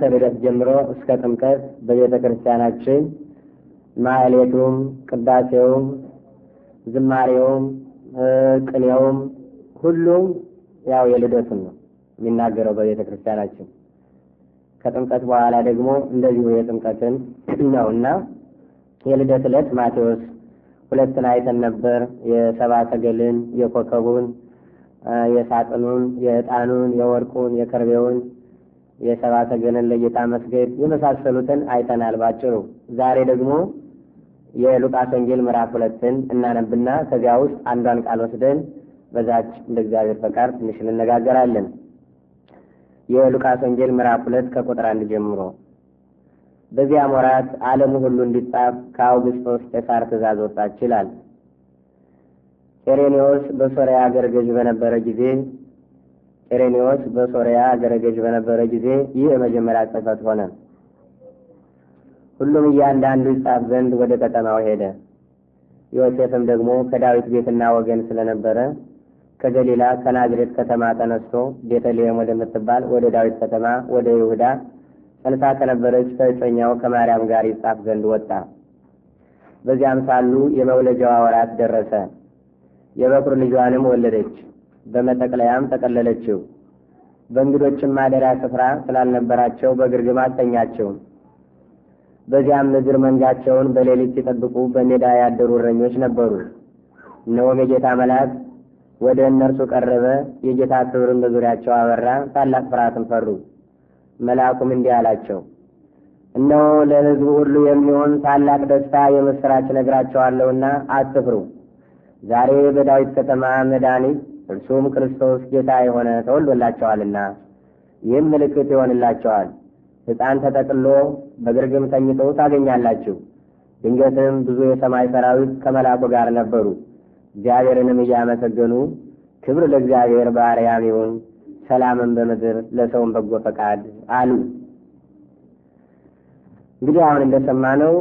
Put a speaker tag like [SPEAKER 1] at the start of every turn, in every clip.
[SPEAKER 1] ከልደት ጀምሮ እስከ ጥምቀት በቤተ ክርስቲያናችን ማዕሌቱም፣ ቅዳሴውም፣ ዝማሬውም፣ ቅኔውም ሁሉም ያው የልደቱን ነው የሚናገረው በቤተ ክርስቲያናችን። ከጥምቀት በኋላ ደግሞ እንደዚሁ የጥምቀትን ነው እና የልደት ዕለት ማቴዎስ ሁለትን አይተን ነበር። የሰባ ሰገልን፣ የኮከቡን፣ የሳጥኑን፣ የዕጣኑን፣ የወርቁን፣ የከርቤውን የሰብዓተ ገነት ለጌታ መስገድ የመሳሰሉትን አይተናል ባጭሩ። ዛሬ ደግሞ የሉቃስ ወንጌል ምዕራፍ ሁለትን እናነብና ከዚያ ውስጥ አንዷን ቃል ወስደን በዛች እንደ እግዚአብሔር ፈቃድ ትንሽ እንነጋገራለን። የሉቃስ ወንጌል ምዕራፍ ሁለት ከቁጥር አንድ ጀምሮ በዚያም ወራት ዓለሙ ሁሉ እንዲጻፍ ከአውግስጦስ ቄሳር ትእዛዝ ወጣች ይላል። ቄሬኔዎስ በሶሪያ አገር ገዥ በነበረ ጊዜ ቄሬኔዎስ በሶሪያ አገረ ገዥ በነበረ ጊዜ ይህ የመጀመሪያ ጽህፈት ሆነ። ሁሉም እያንዳንዱ ይጻፍ ዘንድ ወደ ከተማው ሄደ። ዮሴፍም ደግሞ ከዳዊት ቤትና ወገን ስለነበረ ከገሊላ ከናዝሬት ከተማ ተነስቶ ቤተልሔም ወደምትባል ወደ ዳዊት ከተማ ወደ ይሁዳ ጸንሳ ከነበረች ከእጮኛው ከማርያም ጋር ይጻፍ ዘንድ ወጣ። በዚያም ሳሉ የመውለጃዋ ወራት ደረሰ። የበኩር ልጇንም ወለደች። በመጠቅለያም ጠቀለለችው። በእንግዶችም ማደሪያ ስፍራ ስላልነበራቸው በግርግም አልተኛቸው። በዚያም ምድር መንጋቸውን በሌሊት ሲጠብቁ በሜዳ ያደሩ እረኞች ነበሩ። እነሆም የጌታ መልአክ ወደ እነርሱ ቀረበ፣ የጌታ ክብርን በዙሪያቸው አበራ፣ ታላቅ ፍርሃትን ፈሩ። መልአኩም እንዲህ አላቸው፣ እነሆ ለሕዝቡ ሁሉ የሚሆን ታላቅ ደስታ የምሥራች ነግራቸዋለሁና አትፍሩ። ዛሬ በዳዊት ከተማ መድኃኒት እርሱም ክርስቶስ ጌታ የሆነ ተወልዶላቸዋልና ይህም ምልክት ይሆንላቸዋል። ሕፃን ተጠቅሎ በግርግም ተኝቶ ታገኛላችሁ። ድንገትም ብዙ የሰማይ ሰራዊት ከመላኩ ጋር ነበሩ፣ እግዚአብሔርንም እያመሰገኑ ክብር ለእግዚአብሔር በአርያም ይሁን፣ ሰላምን በምድር ለሰውን በጎ ፈቃድ አሉ። እንግዲህ አሁን እንደሰማነው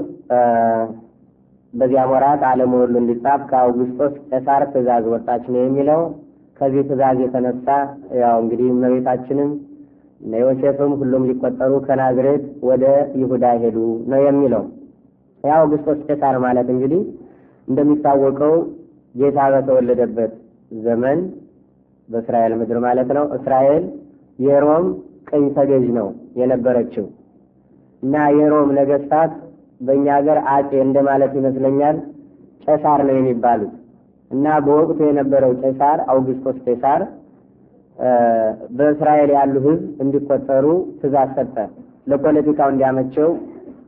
[SPEAKER 1] በዚያም ወራት ዓለሙን ሁሉ እንዲጻፍ ከአውግስጦስ ቄሳር ትእዛዝ ወጣች ነው የሚለው ከዚህ ትእዛዝ የተነሳ ያው እንግዲህ እመቤታችንም እነ ዮሴፍም ሁሉም ሊቆጠሩ ከናዝሬት ወደ ይሁዳ ሄዱ ነው የሚለው። ያው አውግስጦስ ቄሳር ማለት እንግዲህ እንደሚታወቀው ጌታ በተወለደበት ዘመን በእስራኤል ምድር ማለት ነው። እስራኤል የሮም ቅኝ ተገዥ ነው የነበረችው እና የሮም ነገስታት በእኛ ሀገር አጼ እንደማለት ይመስለኛል ቄሳር ነው የሚባሉት እና በወቅቱ የነበረው ቄሳር አውግስቶስ ቄሳር በእስራኤል ያሉ ህዝብ እንዲቆጠሩ ትእዛዝ ሰጠ። ለፖለቲካው እንዲያመቸው፣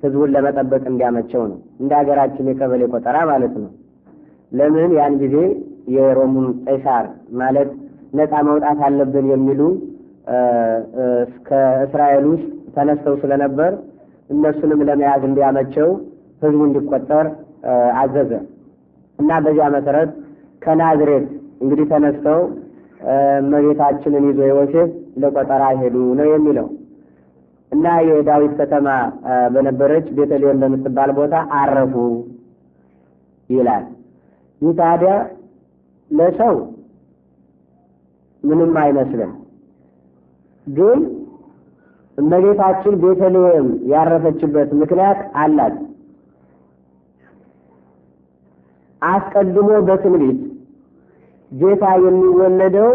[SPEAKER 1] ህዝቡን ለመጠበቅ እንዲያመቸው ነው። እንደ ሀገራችን የቀበሌ ቆጠራ ማለት ነው። ለምን ያን ጊዜ የሮሙን ቄሳር ማለት ነፃ መውጣት አለብን የሚሉ ከእስራኤል ውስጥ ተነስተው ስለነበር እነሱንም ለመያዝ እንዲያመቸው ህዝቡ እንዲቆጠር አዘዘ እና በዚያ መሰረት ከናዝሬት እንግዲህ ተነስተው እመቤታችንን ይዞ ዮሴፍ ለቆጠራ ሄዱ ነው የሚለው እና የዳዊት ከተማ በነበረች ቤተልሔም በምትባል ቦታ አረፉ ይላል። ይህ ታዲያ ለሰው ምንም አይመስልም፣ ግን እመቤታችን ቤተልሔም ያረፈችበት ምክንያት አላት። አስቀድሞ በትንቢት ጌታ የሚወለደው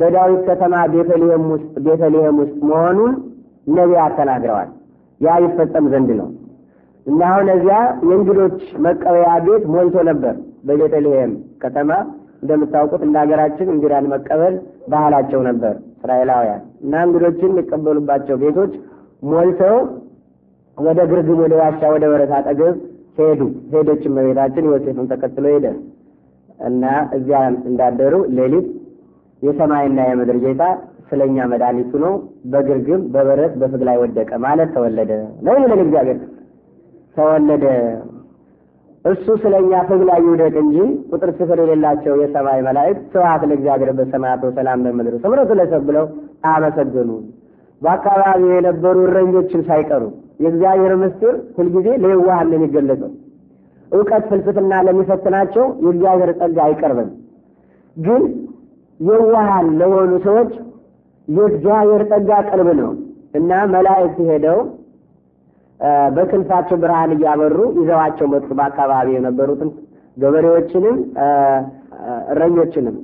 [SPEAKER 1] በዳዊት ከተማ ቤተልሔም ውስጥ ቤተልሔም ውስጥ መሆኑን ነቢያት ተናግረዋል። ያ ይፈጸም ዘንድ ነው እና አሁን እዚያ የእንግዶች መቀበያ ቤት ሞልቶ ነበር። በቤተልሔም ከተማ እንደምታውቁት እንደ ሀገራችን እንግዳን መቀበል ባህላቸው ነበር እስራኤላውያን እና እንግዶችን የሚቀበሉባቸው ቤቶች ሞልተው ወደ ግርግም፣ ወደ ዋሻ፣ ወደ በረት አጠገብ ሄዱ። ሄደች እመቤታችን ዮሴፍን ተከትሎ ሄደ። እና እዚያ እንዳደሩ ሌሊት የሰማይና የምድር ጌታ ስለኛ መድኃኒቱ ነው በግርግም በበረት በፍግ ላይ ወደቀ ማለት ተወለደ ነው የሚለን እግዚአብሔር ተወለደ እሱ ስለኛ ፍግ ላይ ይውደቅ እንጂ ቁጥር ስፍር የሌላቸው የሰማይ መላእክት ስብሐት ለእግዚአብሔር በሰማያት ወሰላም በምድር ስምረቱ ለሰብ ብለው አመሰገኑ በአካባቢው የነበሩ እረኞችን ሳይቀሩ የእግዚአብሔር ምስጢር ሁልጊዜ ለየዋሃን ነው የሚገለጸው እውቀት ፍልስፍና ለሚፈትናቸው የእግዚአብሔር ጸጋ አይቀርብም። ግን የዋሃን ለሆኑ ሰዎች የእግዚአብሔር ጸጋ ቅርብ ነው እና መላእክት ሄደው በክንፋቸው ብርሃን እያበሩ ይዘዋቸው መጡ። በአካባቢ የነበሩትን ገበሬዎችንም እረኞችንም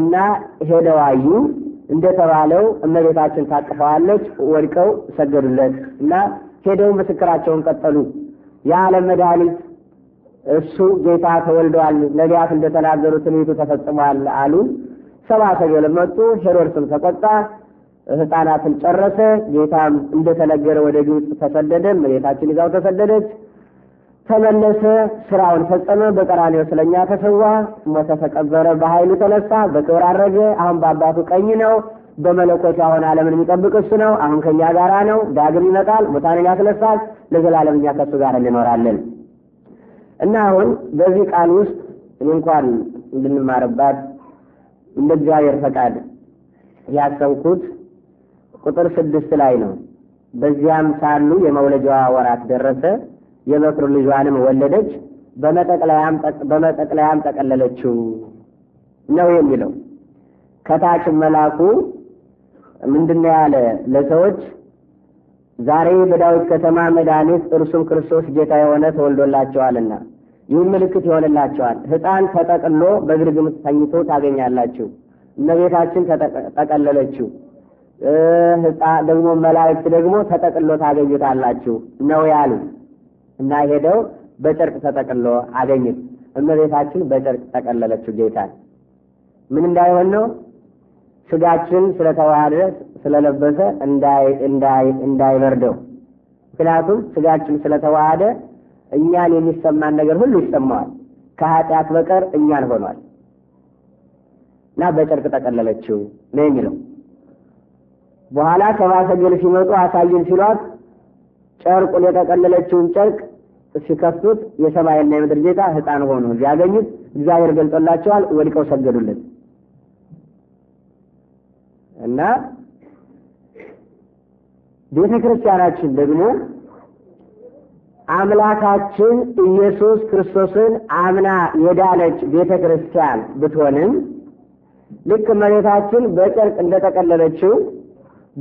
[SPEAKER 1] እና ሄደው አዩ። እንደተባለው እመቤታችን ታቅፈዋለች። ወድቀው ሰገዱለት እና ሄደው ምስክራቸውን ቀጠሉ። የዓለም መድኃኒት እሱ ጌታ ተወልደዋል፣ ነቢያት እንደተናገሩት ትንቢቱ ተፈጽሟል አሉ። ሰባ ሰገል መጡ። ሄሮድስም ተቆጣ፣ ሕፃናትን ጨረሰ። ጌታም እንደተነገረ ወደ ግብፅ ተሰደደ። መሬታችን ይዛው ተሰደደች። ተመለሰ፣ ስራውን ፈጸመ። በቀራኔው ስለኛ ተሰዋ፣ ሞተ፣ ተቀበረ፣ በኃይሉ ተነሳ፣ በክብር አረገ። አሁን በአባቱ ቀኝ ነው። በመለኮቱ አሁን ዓለምን የሚጠብቅ እሱ ነው። አሁን ከእኛ ጋራ ነው። ዳግም ይመጣል፣ ሙታንን ያስነሳል። ለዘላለም እኛ ከእሱ ጋር እንኖራለን። እና አሁን በዚህ ቃል ውስጥ እንኳን እንድንማርባት እንደ እግዚአብሔር ፈቃድ ያሰብኩት ቁጥር ስድስት ላይ ነው። በዚያም ሳሉ የመውለጃዋ ወራት ደረሰ፣ የበኩር ልጇንም ወለደች፣ በመጠቅለያም ጠቀለለችው ነው የሚለው። ከታች መላኩ ምንድነው ያለ ለሰዎች ዛሬ በዳዊት ከተማ መድኃኒት እርሱም ክርስቶስ ጌታ የሆነ ተወልዶላቸዋልና ይህም ምልክት ይሆንላቸዋል። ሕፃን ተጠቅሎ በግርግም ተኝቶ ታገኛላችሁ። እመቤታችን ተጠቀለለችው። ሕፃን ደግሞ መላእክት ደግሞ ተጠቅሎ ታገኙታላችሁ ነው ያሉ እና ሄደው በጨርቅ ተጠቅሎ አገኙት። እመቤታችን በጨርቅ ተቀለለችው ጌታ ምን እንዳይሆን ነው ስጋችን ስለተዋሃደ ስለለበሰ እንዳይበርደው። ምክንያቱም ስጋችን ስለተዋሃደ እኛን የሚሰማን ነገር ሁሉ ይሰማዋል። ከኃጢአት በቀር እኛን ሆኗል እና በጨርቅ ጠቀለለችው ነው የሚለው። በኋላ ሰባሰገል ሲመጡ አሳይን ሲሏት ጨርቁን የጠቀለለችውን ጨርቅ ሲከፍቱት የሰማይና የምድር ጌታ ሕፃን ሆኖ ያገኙት እግዚአብሔር ገልጦላቸዋል። ወድቀው ሰገዱለት። እና ቤተ ክርስቲያናችን ደግሞ አምላካችን ኢየሱስ ክርስቶስን አምና የዳነች ቤተ ክርስቲያን ብትሆንም ልክ መሬታችን በጨርቅ እንደጠቀለለችው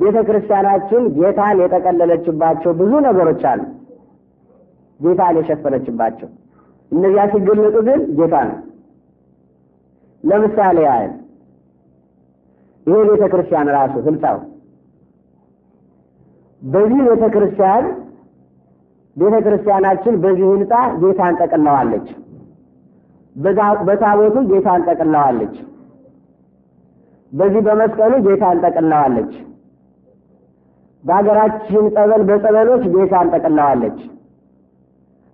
[SPEAKER 1] ቤተ ክርስቲያናችን ጌታን የጠቀለለችባቸው ብዙ ነገሮች አሉ። ጌታን የሸፈነችባቸው እነዚያ ሲገለጡ ግን ጌታ ነው። ለምሳሌ ያህል ይሄ ቤተ ክርስቲያን ራሱ ህንፃው በዚህ ቤተ ክርስቲያን ቤተ ክርስቲያናችን በዚህ ህንፃ ጌታን ጠቅለዋለች። በታቦቱ ጌታን ጠቅለዋለች። በዚህ በመስቀሉ ጌታን ጠቅለዋለች። በሀገራችን ጸበል በጸበሎች ጌታን ጠቅለዋለች።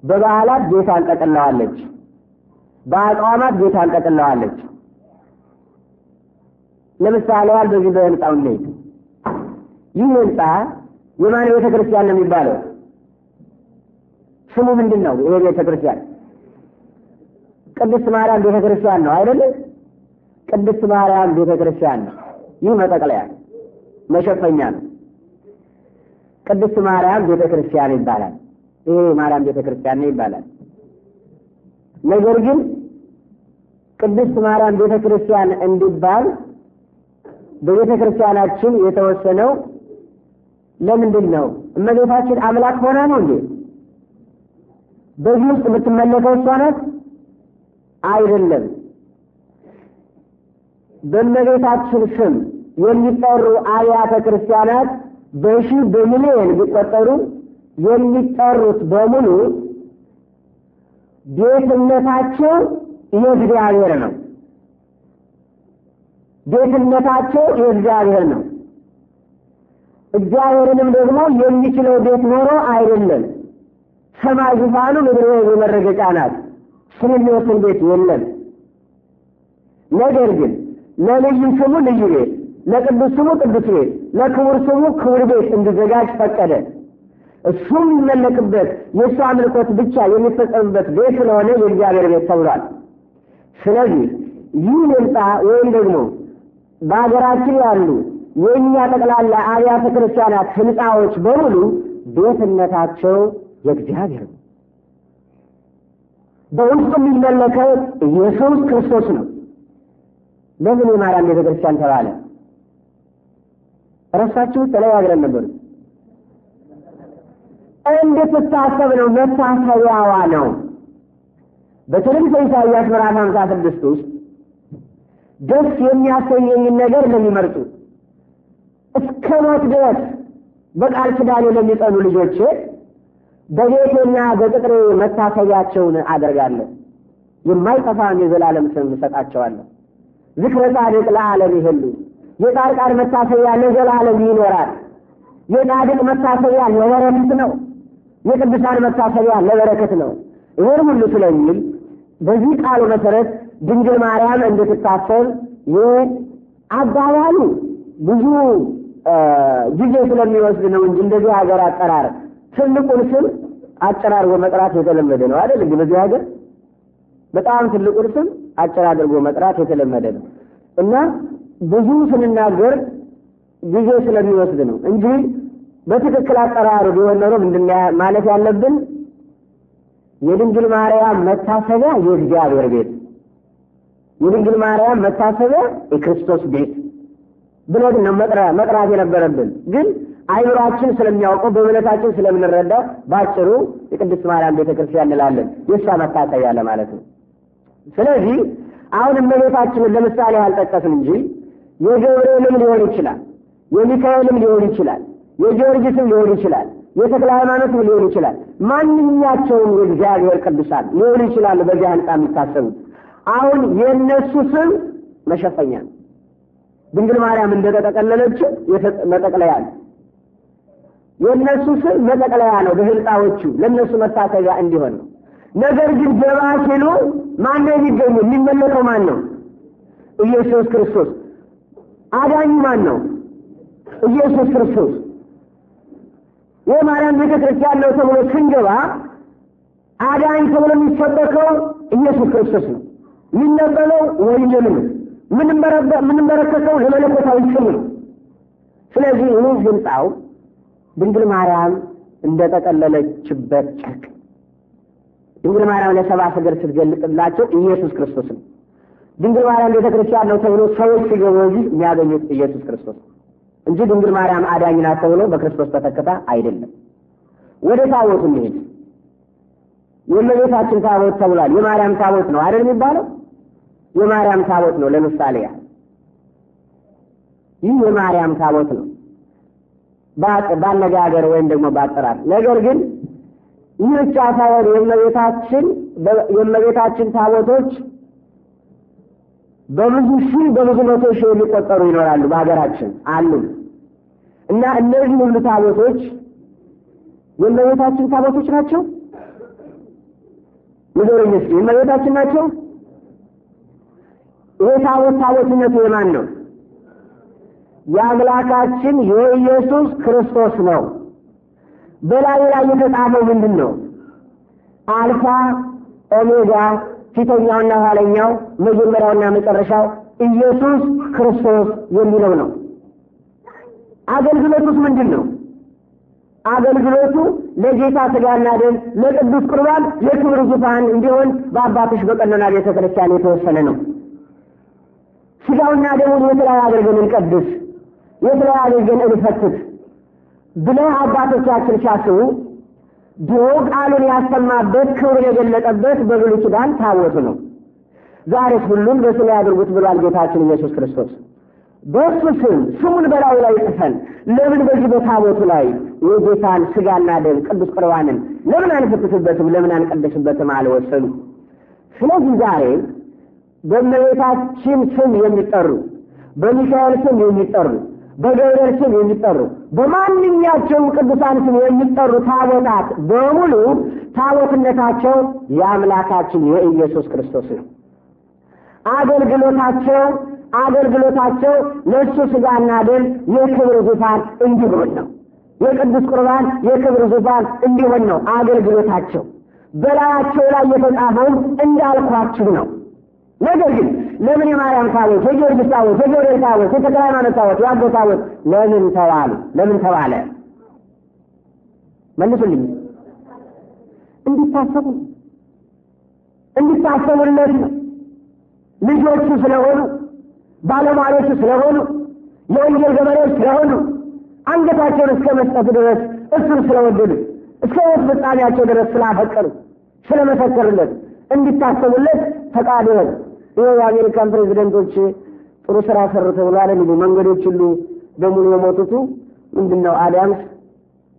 [SPEAKER 1] በበዓላት ጌታን ጠቅለዋለች። በአቋማት ጌታን ጠቅለዋለች። ለምሳሌ ያህል በዚህ በህንፃው ላይ ይህ ህንፃ የማን ቤተ ክርስቲያን ነው የሚባለው? ስሙ ምንድን ነው? ይሄ ቤተ ክርስቲያን ቅድስት ማርያም ቤተ ክርስቲያን ነው አይደል? ቅድስት ማርያም ቤተ ክርስቲያን ነው። ይህ መጠቅለያ መሸፈኛ ነው። ቅድስት ማርያም ቤተ ክርስቲያን ይባላል። ይሄ ማርያም ቤተ ክርስቲያን ነው ይባላል። ነገር ግን ቅድስት ማርያም ቤተ ክርስቲያን እንዲባል በቤተ ክርስቲያናችን የተወሰነው ለምንድን ነው? እመቤታችን አምላክ ሆና ነው እንዴ? በዚህ ውስጥ የምትመለከው እሷ ናት? አይደለም። በእመቤታችን ስም የሚጠሩ አብያተ ክርስቲያናት በሺ በሚሊዮን ቢቆጠሩ የሚጠሩት በሙሉ ቤትነታቸው የእግዚአብሔር ነው። ቤትነታቸው የእግዚአብሔር ነው። እግዚአብሔርንም ደግሞ የሚችለው ቤት ኖሮ አይደለም። ሰማይ ዙፋኑ፣ ምድር የእግሩ መረገጫ ናት። እሱን ቤት የለም። ነገር ግን ለልዩ ስሙ ልዩ ቤት፣ ለቅዱስ ስሙ ቅዱስ ቤት፣ ለክቡር ስሙ ክቡር ቤት እንዲዘጋጅ ፈቀደ። እሱም የሚመለክበት የእሱ አምልኮት ብቻ የሚፈጸምበት ቤት ስለሆነ የእግዚአብሔር ቤት ተብሏል። ስለዚህ ይህ ሕንፃ ወይም ደግሞ በሀገራችን ያሉ የእኛ ጠቅላላ አብያተ ክርስቲያናት ህንፃዎች በሙሉ ቤትነታቸው የእግዚአብሔር ነው። በውስጡ የሚመለከው ኢየሱስ ክርስቶስ ነው። ለምን የማርያም ቤተ ክርስቲያን ተባለ? ረሳችሁ? ተነጋግረን ነበሩ። እንድትታሰብ ነው፣ መታሰቢያዋ ነው። በትንቢተ ኢሳይያስ ምዕራፍ ሀምሳ ስድስት ውስጥ ደስ የሚያሰኘኝን ነገር ለሚመርጡ እስከ ሞት ድረስ በቃል ኪዳኔ ለሚጸኑ ልጆች በቤቴና በቅጥሬ መታሰቢያቸውን አደርጋለሁ። የማይጠፋም የዘላለም ስም እሰጣቸዋለሁ። ዝክረ ጻድቅ ለዓለም ይህሉ የጻድቃን መታሰቢያ ለዘላለም ይኖራል። የጻድቅ መታሰቢያ ለበረከት ነው። የቅዱሳን መታሰቢያ ለበረከት ነው። ይህን ሁሉ ስለሚል በዚህ ቃሉ መሰረት ድንግል ማርያም እንድትታሰብ ይህ አባባሉ ብዙ ጊዜ ስለሚወስድ ነው እንጂ እንደዚህ ሀገር አጠራር ትልቁን ስም አጨራርጎ መጥራት የተለመደ ነው አይደል? እንግዲህ በዚህ ሀገር በጣም ትልቁን ስም አጭር አድርጎ መጥራት የተለመደ ነው እና ብዙ ስንናገር ጊዜ ስለሚወስድ ነው እንጂ በትክክል አጠራሩ ቢሆን ኖሮ ምንድን ማለት ያለብን የድንግል ማርያም መታሰቢያ የእግዚአብሔር ቤት የድንግል ማርያም መታሰቢያ የክርስቶስ ቤት ብለን ነው መጥራት የነበረብን ግን አይምሯችን ስለሚያውቀው በእምነታችን ስለምንረዳ ባጭሩ የቅድስት ማርያም ቤተክርስቲያን እንላለን። የእሷ መታሰቢያ ለማለት ነው። ስለዚህ አሁን እመቤታችንን ለምሳሌ አልጠቀስም እንጂ የገብርኤልም ሊሆን ይችላል፣ የሚካኤልም ሊሆን ይችላል፣ የጊዮርጊስም ሊሆን ይችላል፣ የተክለ ሃይማኖትም ሊሆን ይችላል። ማንኛቸውም የእግዚአብሔር ቅዱሳን ሊሆን ይችላሉ በዚህ አንጻ የሚታሰቡት አሁን የእነሱ ስም መሸፈኛ ነው። ድንግል ማርያም እንደተጠቀለለችው መጠቅለያ ነው። የእነሱ ስም መጠቅለያ ነው። በህልጣዎቹ ለእነሱ መታሰቢያ እንዲሆን ነው። ነገር ግን ገባ ሲሉ ማን ነው የሚገኙ? የሚመለከው ማን ነው? ኢየሱስ ክርስቶስ። አዳኙ ማን ነው? ኢየሱስ ክርስቶስ። የማርያም ቤተ ክርስቲያን ነው ተብሎ ስንገባ አዳኝ ተብሎ የሚሰበከው ኢየሱስ ክርስቶስ ነው። የሚነበበው ወንጀል ነው። የምንመረከተው ለመለኮታዊ ስም ነው። ስለዚህ ይህ ህንፃው ድንግል ማርያም እንደተጠለለችበት ጨርቅ ድንግል ማርያም ለሰባ ሰገል ስትገልጥላቸው ኢየሱስ ክርስቶስ ነው። ድንግል ማርያም ቤተ ክርስቲያን ነው ተብሎ ሰዎች ሲገቡ እዚህ የሚያገኙት ኢየሱስ ክርስቶስ እንጂ ድንግል ማርያም አዳኝ ናት ተብሎ በክርስቶስ ተተክታ አይደለም። ወደ ታቦቱ እንሄድ። የእመቤታችን ታቦት ተብሏል። የማርያም ታቦት ነው አይደል የሚባለው? የማርያም ታቦት ነው። ለምሳሌ ያ ይህ የማርያም ታቦት ነው ባነጋገር ወይም ደግሞ ባጠራር። ነገር ግን ይህ ብቻ ሳይሆን የእመቤታችን የእመቤታችን ታቦቶች በብዙ ሺህ በብዙ መቶ ሺህ የሚቆጠሩ ይኖራሉ በሀገራችን አሉ እና እነዚህ ሁሉ ታቦቶች የእመቤታችን ታቦቶች ናቸው? ንገሩኝ እስኪ የእመቤታችን ናቸው? ይሄ ታቦት ታቦትነቱ የማን ነው? የአምላካችን የኢየሱስ ክርስቶስ ነው። በላዩ ላይ የተጻፈው ምንድን ነው? አልፋ ኦሜጋ፣ ፊተኛውና ኋለኛው፣ መጀመሪያውና መጨረሻው ኢየሱስ ክርስቶስ የሚለው ነው። አገልግሎቱስ ምንድን ነው? አገልግሎቱ ለጌታ ስጋና ደም ለቅዱስ ቁርባን ለክብር ዙፋን እንዲሆን በአባቶች በቀኖና ቤተ ክርስቲያን የተወሰነ ነው። ስጋውና ደሙን የት ላይ አድርገን እንቀድስ፣ የት ላይ አድርገን እንፈትት ብለው አባቶቻችን ሲያስቡ ድሮ ቃሉን ያሰማበት ክብር የገለጠበት በብሉይ ኪዳን ታቦቱ ነው። ዛሬስ ሁሉም ላይ አድርጉት ብሏል ጌታችን ኢየሱስ ክርስቶስ። በእሱ ስም ስሙን በላዩ ላይ ጽፈን ለምን በዚህ በታቦቱ ላይ የጌታን ስጋና ደም ቅዱስ ቁርባንን ለምን አንፈትትበትም? ለምን አንቀደስበትም? አልወሰኑ። ስለዚህ ዛሬ በእመቤታችን ስም የሚጠሩ በሚካኤል ስም የሚጠሩ በገብርኤል ስም የሚጠሩ በማንኛቸውም ቅዱሳን ስም የሚጠሩ ታቦታት በሙሉ ታቦትነታቸው የአምላካችን የኢየሱስ ክርስቶስ ነው። አገልግሎታቸው አገልግሎታቸው ለእሱ ስጋና ደም የክብር ዙፋን እንዲሆን ነው። የቅዱስ ቁርባን የክብር ዙፋን እንዲሆን ነው አገልግሎታቸው። በላያቸው ላይ የተጻፈውም እንዳልኳችሁ ነው። ነገር ግን ለምን የማርያም ታቦት፣ የጊዮርጊስ ታቦት፣ የገብርኤል ታቦት፣ የተክለ ሃይማኖት ታቦት፣ የአቦ ታቦት ለምን ተባሉ? ለምን ተባለ? መልሱልኝ። እንዲታሰቡ እንዲታሰቡለት ነው። ልጆቹ ስለሆኑ፣ ባለሟሎቹ ስለሆኑ፣ የወንጌል ገበሬዎች ስለሆኑ፣ አንገታቸውን እስከ መስጠት ድረስ እሱን ስለወደዱ፣ እስከ ሕይወት ፍጻሜያቸው ድረስ ስላፈቀሩ፣ ስለመሰከሩለት እንዲታሰቡለት ፈቃድ ይሆን የአሜሪካን ፕሬዚደንቶች ጥሩ ስራ ሰሩ ተብሏል የሚሉ መንገዶች ሁሉ በሙሉ የሞቱቱ ምንድን ነው? አዳምስ፣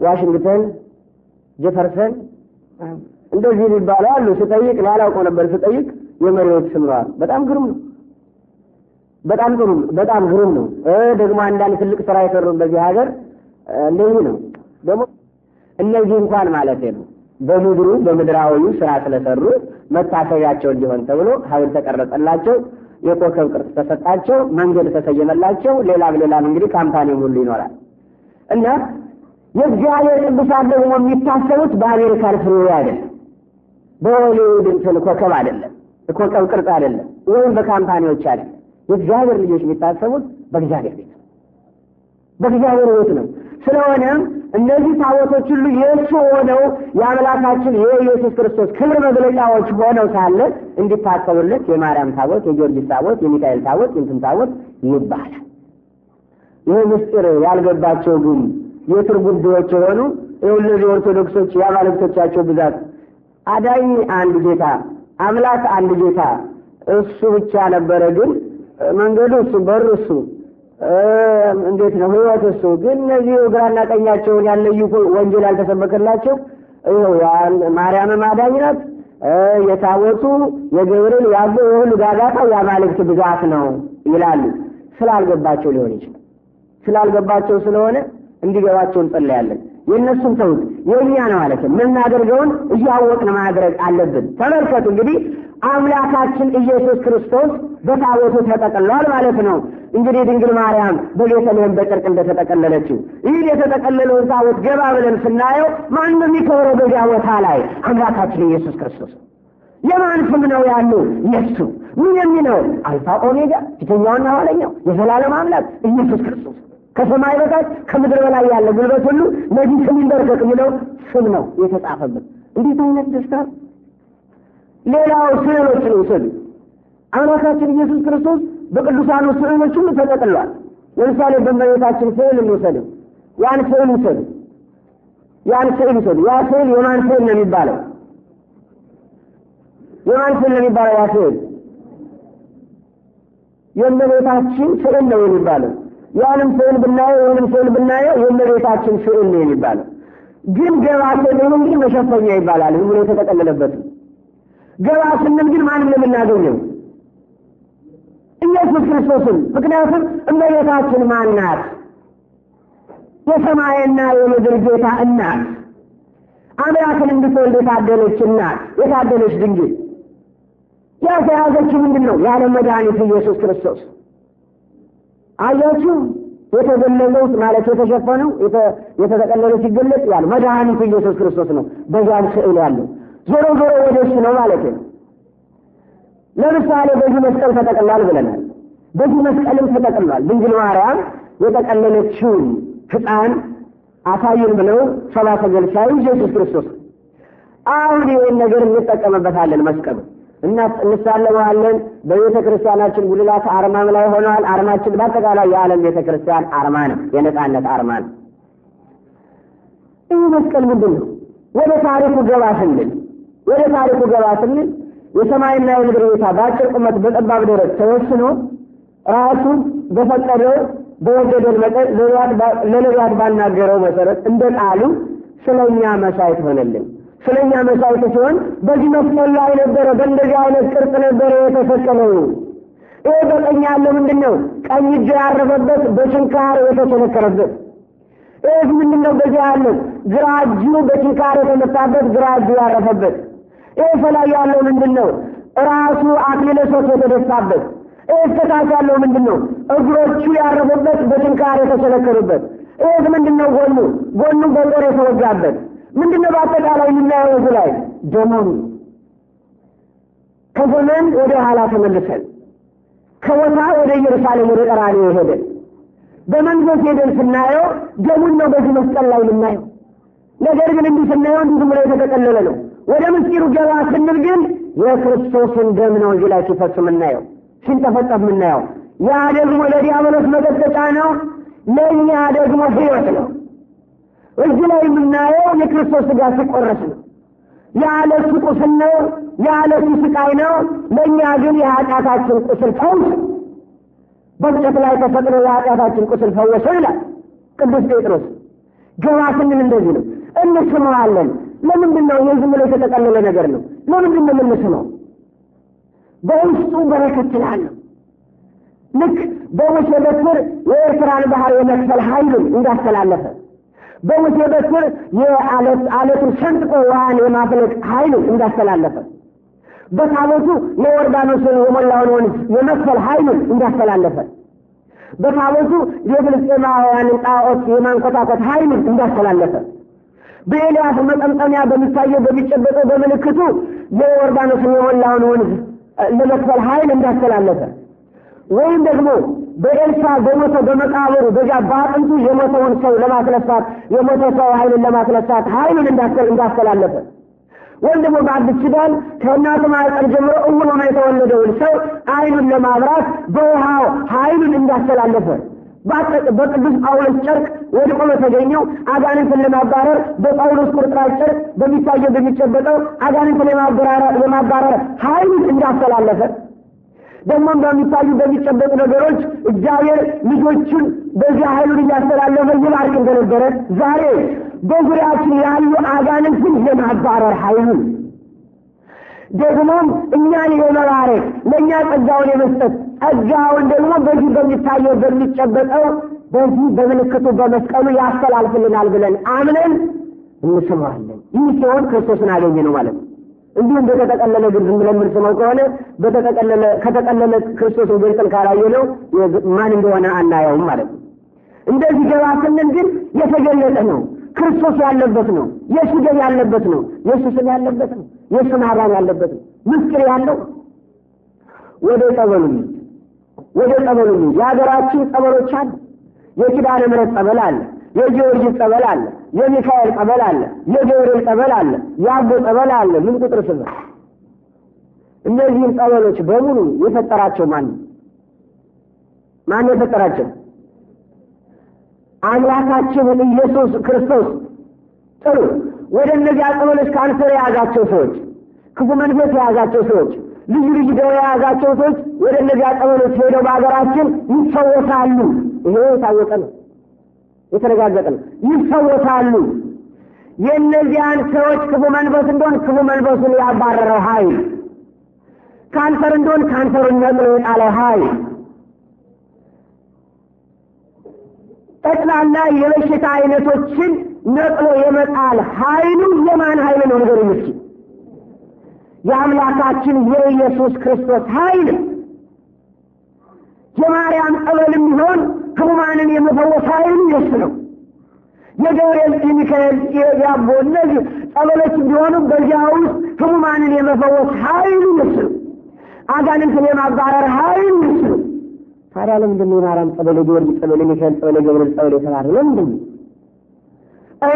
[SPEAKER 1] ዋሽንግተን፣ ጀፈርሰን እንደዚህ የሚባሉ አሉ። ስጠይቅ ላላውቀው ነበር፣ ስጠይቅ የመሪዎች ስም ነዋል። በጣም ግሩም ነው። በጣም ጥሩ፣ በጣም ግሩም ነው። ደግሞ አንዳንድ ትልቅ ስራ የሰሩ በዚህ ሀገር እንደዚህ ነው። ደግሞ እነዚህ እንኳን ማለት ነው በምድሩ በምድራዊ ስራ ስለሰሩ መታሰቢያቸው እንዲሆን ተብሎ ሀውል ተቀረጸላቸው። የኮከብ ቅርጽ ተሰጣቸው። መንገድ ተሰየመላቸው። ሌላም ሌላም እንግዲህ ካምፓኒም ሁሉ ይኖራል እና የእግዚአብሔር ቅዱሳን ደግሞ የሚታሰቡት በአሜሪካን ፍሬ አይደለም፣ በሆሊውድ እንትን ኮከብ አይደለም፣ ኮከብ ቅርጽ አይደለም፣ ወይም በካምፓኒዎች አይደለም። የእግዚአብሔር ልጆች የሚታሰቡት በእግዚአብሔር ቤት በእግዚአብሔር ቤት ነው። ስለሆነም እነዚህ ታቦቶች ሁሉ የእሱ ሆነው የአምላካችን የኢየሱስ ክርስቶስ ክብር መግለጫዎች ሆነው ሳለ እንዲታቀቡለት የማርያም ታቦት፣ የጊዮርጊስ ታቦት፣ የሚካኤል ታቦት፣ የእንትን ታቦት ይባላል። ይህ ምስጢር ያልገባቸው ግን የትርጉም ድሆች የሆኑ የሁለዚህ ኦርቶዶክሶች የአማልክቶቻቸው ብዛት አዳኝ አንድ ጌታ አምላክ አንድ ጌታ እሱ ብቻ ነበረ። ግን መንገዱ እሱ፣ በሩ እሱ እንዴት ነው ህይወት እሱ ግን እነዚህ ግራና ቀኛቸውን ያለዩ ወንጌል ያልተሰበከላቸው ማርያም ማዳኝ ናት። የታወቱ የገብርኤል ያሉ የሁሉ ጋጋታው የአማልክት ብዛት ነው ይላሉ። ስላልገባቸው ሊሆን ይችላል። ስላልገባቸው ስለሆነ እንዲገባቸው እንጸለያለን። የእነሱን ተውት፣ የእኛ ነው ማለት ነው። የምናደርገውን እያወቅን ማድረግ አለብን። ተመልከቱ እንግዲህ አምላካችን ኢየሱስ ክርስቶስ በታቦቱ ተጠቅሏል ማለት ነው። እንግዲህ ድንግል ማርያም በቤተልሔም በጨርቅ እንደተጠቀለለችው ይህን የተጠቀለለውን ታቦት ገባ ብለን ስናየው ማን ነው የሚከብረው? በዚያ ቦታ ላይ አምላካችን ኢየሱስ ክርስቶስ። የማን ስም ነው ያሉ የሱ ምን የሚለው አልፋ ኦሜጋ፣ ፊተኛውና ኋለኛው የዘላለም አምላክ ኢየሱስ ክርስቶስ ከሰማይ በታች ከምድር በላይ ያለ ጉልበት ሁሉ ለዚህ ስም ይንበርከክ የሚለው ስም ነው የተጻፈበት። እንዴት አይነት ደስታ ሌላው ስዕሎችን ውሰዱ። አምላካችን ኢየሱስ ክርስቶስ በቅዱሳኑ ስዕሎች ሁሉ ተጠቅሏል። ለምሳሌ በእመቤታችን ስዕል እንውሰድ። ያን ስዕል ውሰዱ። ያን ስዕል ውሰዱ። ያ ስዕል የማን ስዕል ነው የሚባለው? የማን ስዕል ነው የሚባለው? ያ ስዕል የእመቤታችን ስዕል ነው የሚባለው። ያንም ስዕል ብናየው ይህንም ስዕል ብናየው የእመቤታችን ስዕል ነው የሚባለው። ግን ገባ ስዕል ሆኖ እንግዲህ መሸፈኛ ይባላል። ዝም ብሎ የተጠቀለለበት ገባ ስንል ግን ማንም የምናገኘው ኢየሱስ ክርስቶስን። ምክንያቱም እመቤታችን ማን ናት? የሰማይና የምድር ጌታ እናት፣ አምላክን እንድትወልድ የታደለች እናት፣ የታደለች ድንግል። ያልተያዘችው ምንድን ነው? ያለ መድኃኒት ኢየሱስ ክርስቶስ። አያችሁ፣ የተገለለው ማለት የተሸፈነው የተጠቀለለው ሲገለጽ ያለ መድኃኒቱ ኢየሱስ ክርስቶስ ነው። በዛም ስዕል ያለው ዞሮ ዞሮ ወደ እሱ ነው ማለት ነው። ለምሳሌ በዚህ መስቀል ተጠቅሏል ብለናል። በዚህ መስቀልም ተጠቅሏል። ድንግል ማርያም የጠቀለለችውን ሕፃን አሳዩን ብለው ሰባ ሰገል ሲያዩ ኢየሱስ ክርስቶስ አሁን ይህን ነገር እንጠቀምበታለን። መስቀሉ እንሳለመዋለን። በቤተ ክርስቲያናችን ጉልላት አርማም ላይ ሆነዋል። አርማችን በአጠቃላይ የዓለም ቤተ ክርስቲያን አርማ ነው፣ የነፃነት አርማ ነው። ይህ መስቀል ምንድን ነው? ወደ ታሪኩ ገባ ስንል ወደ ታሪኩ ገባ ስንል የሰማይና የምድር ጌታ በአጭር ቁመት በጠባብ ደረት ተወስኖ ራሱ በፈቀደው በወደደን መጠን ለነቢያት ባናገረው መሰረት እንደ ቃሉ ስለኛ መሳይት ሆነልን። ስለኛ መሳይት ሲሆን በዚህ መስቀል ላይ ነበረ፣ በእንደዚህ አይነት ቅርጽ ነበረ የተሰቀለው። ይህ በቀኝ ያለ ምንድን ነው? ቀኝ እጁ ያረፈበት በችንካር የተቸነከረበት። ይህ ምንድን ነው? በዚህ ያለ ግራ እጁ በችንካር የተመታበት፣ ግራ እጁ ያረፈበት ይህ ከላይ ያለው ምንድን ነው? ራሱ አክሊለ የተደፋበት። ይህ ከታች ያለው ምንድን ነው? እግሮቹ ያረፉበት፣ በጭንካር የተቸነከሩበት። ይህ ምንድን ነው? ጎኑ ጎኑ በጦር የተወጋበት። ምንድን ነው? በአጠቃላይ የምናየው እዚህ ላይ ደሙን ከዘመን ወደ ኋላ ተመልሰን ከቦታ ወደ ኢየሩሳሌም ወደ ቀራንዮ የሄደ በመንፈስ ሄደን ስናየው ደሙን ነው በዚህ መስቀል ላይ የምናየው። ነገር ግን እንዲህ ስናየው እንዲህ ብሎ የተጠቀለለ ነው። ወደ ምስጢሩ ገባ ስንል ግን የክርስቶስን ደም ነው እዚህ ላይ ሲፈጽም የምናየው ሲንጠፈጠፍ የምናየው። ያ ደግሞ ለዲያብሎስ መቀጠጫ ነው፣ ለእኛ ደግሞ ህይወት ነው። እዚህ ላይ የምናየው የክርስቶስ ሥጋ ሲቆረስ ነው። የአለቱ ቁስል ነው፣ የአለቱ ስቃይ ነው። ለእኛ ግን የኃጢአታችን ቁስል ፈውስ በእንጨት ላይ ተሰቅሎ የኃጢአታችን ቁስል ፈወሰው ይላል ቅዱስ ጴጥሮስ። ገባ ስንል እንደዚህ ነው እንስማዋለን ለምንድን ነው ይህ ብሎ የተጠቀለለ ነገር ነው? ለምንድን ነው የምንስመው? በውስጡ በረከት ስላለው ልክ በሙሴ በትር የኤርትራን ባህር የመክፈል ኃይሉን እንዳስተላለፈ በሙሴ በትር የአለቱን ሰንጥቆ ውሃን የማፍለቅ ኃይሉን እንዳስተላለፈ በታቦቱ የዮርዳኖስን የሞላውን ወንዝ የመክፈል ኃይሉን እንዳስተላለፈ በታቦቱ የፍልስጤማውያንን ጣዖት የማንቆጣቆት ኃይሉን እንዳስተላለፈ በኤልያስ መጠምጠሚያ በሚታየው በሚጨበጠው በምልክቱ የዮርዳኖስን የሞላውን ወንዝ ለመክፈል ኃይል እንዳስተላለፈ ወይም ደግሞ በኤልሳ በሞተ በመቃብሩ በዚያ በአጥንቱ የሞተውን ሰው ለማስነሳት የሞተ ሰው ኃይልን ለማስነሳት ኃይሉን እንዳስተላለፈ ወይም ደግሞ በአዲስ ኪዳን ከእናቱ ማኅፀን ጀምሮ እውል ሆኖ የተወለደውን ሰው አይኑን ለማብራት በውሃ ኃይሉን እንዳስተላለፈ በቅዱስ ጳውሎስ ጨርቅ ወድቆ በተገኘው አጋንንትን ለማባረር በጳውሎስ ቁርጥራጭር በሚታየው በሚጨበጠው አጋንንትን ለማባረር ኃይል እንዳስተላለፈ ደግሞም በሚታዩ በሚጨበጡ ነገሮች እግዚአብሔር ልጆቹን በዚያ ኃይሉን እያስተላለፈ ይባርክ እንደነበረ ዛሬ በዙሪያችን ያሉ አጋንንትን የማባረር ኃይሉን ደግሞም እኛን የመባረክ ለእኛ ጸጋውን የመስጠት ጸጋውን ደግሞ በዚህ በሚታየው በሚጨበጠው በዚህ በምልክቱ በመስቀሉ ያስተላልፍልናል ብለን አምነን እንስማዋለን። ይህ ሲሆን ክርስቶስን አገኘ ነው ማለት ነው። እንዲሁም በተጠቀለለ ግን ዝም ብለን የምንስመው ከሆነ በተጠቀለለ ከተጠቀለለ ክርስቶስን በጥል ካላየ ነው ማን እንደሆነ አናየውም ማለት ነው። እንደዚህ ገባ ስንል ግን የተገለጠ ነው። ክርስቶስ ያለበት ነው። የእሱ ገብ ያለበት ነው። የእሱ ስም ያለበት ነው። የእሱ ማዳን ያለበት ነው። ምስጢር ያለው ወደ ጸበሉ ወደ ጸበሉ የሀገራችን ጸበሎች አሉ። የኪዳነ ምሕረት ጸበል አለ፣ የጊዮርጊስ ጸበል አለ፣ የሚካኤል ጸበል አለ፣ የገብርኤል ጸበል አለ፣ የአቦ ጸበል አለ። ምን ቁጥር ስም እነዚህም ጸበሎች በሙሉ የፈጠራቸው ማን ማን የፈጠራቸው? አምላካችን ኢየሱስ ክርስቶስ። ጥሩ። ወደ እነዚያ ጸበሎች ካንሰር የያዛቸው ሰዎች፣ ክፉ መንፈስ የያዛቸው ሰዎች ልዩ ልዩ ደዌ የያዛቸው ሰዎች ወደ እነዚያ ቀበሌዎች ሄደው በሀገራችን ይፈወሳሉ። ይሄ የታወቀ ነው፣ የተረጋገጠ ነው። ይፈወሳሉ። የእነዚያን ሰዎች ክፉ መንፈስ እንደሆን ክፉ መንፈሱን ያባረረው ኃይል፣ ካንሰር እንደሆን ካንሰሩን ነቅሎ የጣለው ኃይል፣ ጠቅላላ የበሽታ አይነቶችን ነቅሎ የመጣል ኃይሉ የማን ኃይል ነው? ነገር እስኪ የአምላካችን የኢየሱስ ክርስቶስ ኃይል የማርያም ጸበልም የሚሆን ህሙማንን የመፈወስ ኃይልም የሱ ነው። የገብርኤል የሚካኤል ያቦ እነዚህ ጸበሎች ቢሆኑ በዚያ ውስጥ ህሙማንን የመፈወስ ኃይል የሱ ነው። አጋንንትን የማባረር ኃይል የሱ ነው።
[SPEAKER 2] ታዲያ ለምንድን ነው የማርያም
[SPEAKER 1] ጸበል፣ የጊዮርጊስ ጸበል፣ የሚካኤል ጸበል፣ የገብርኤል ጸበል የተባለ ለምንድን ነው?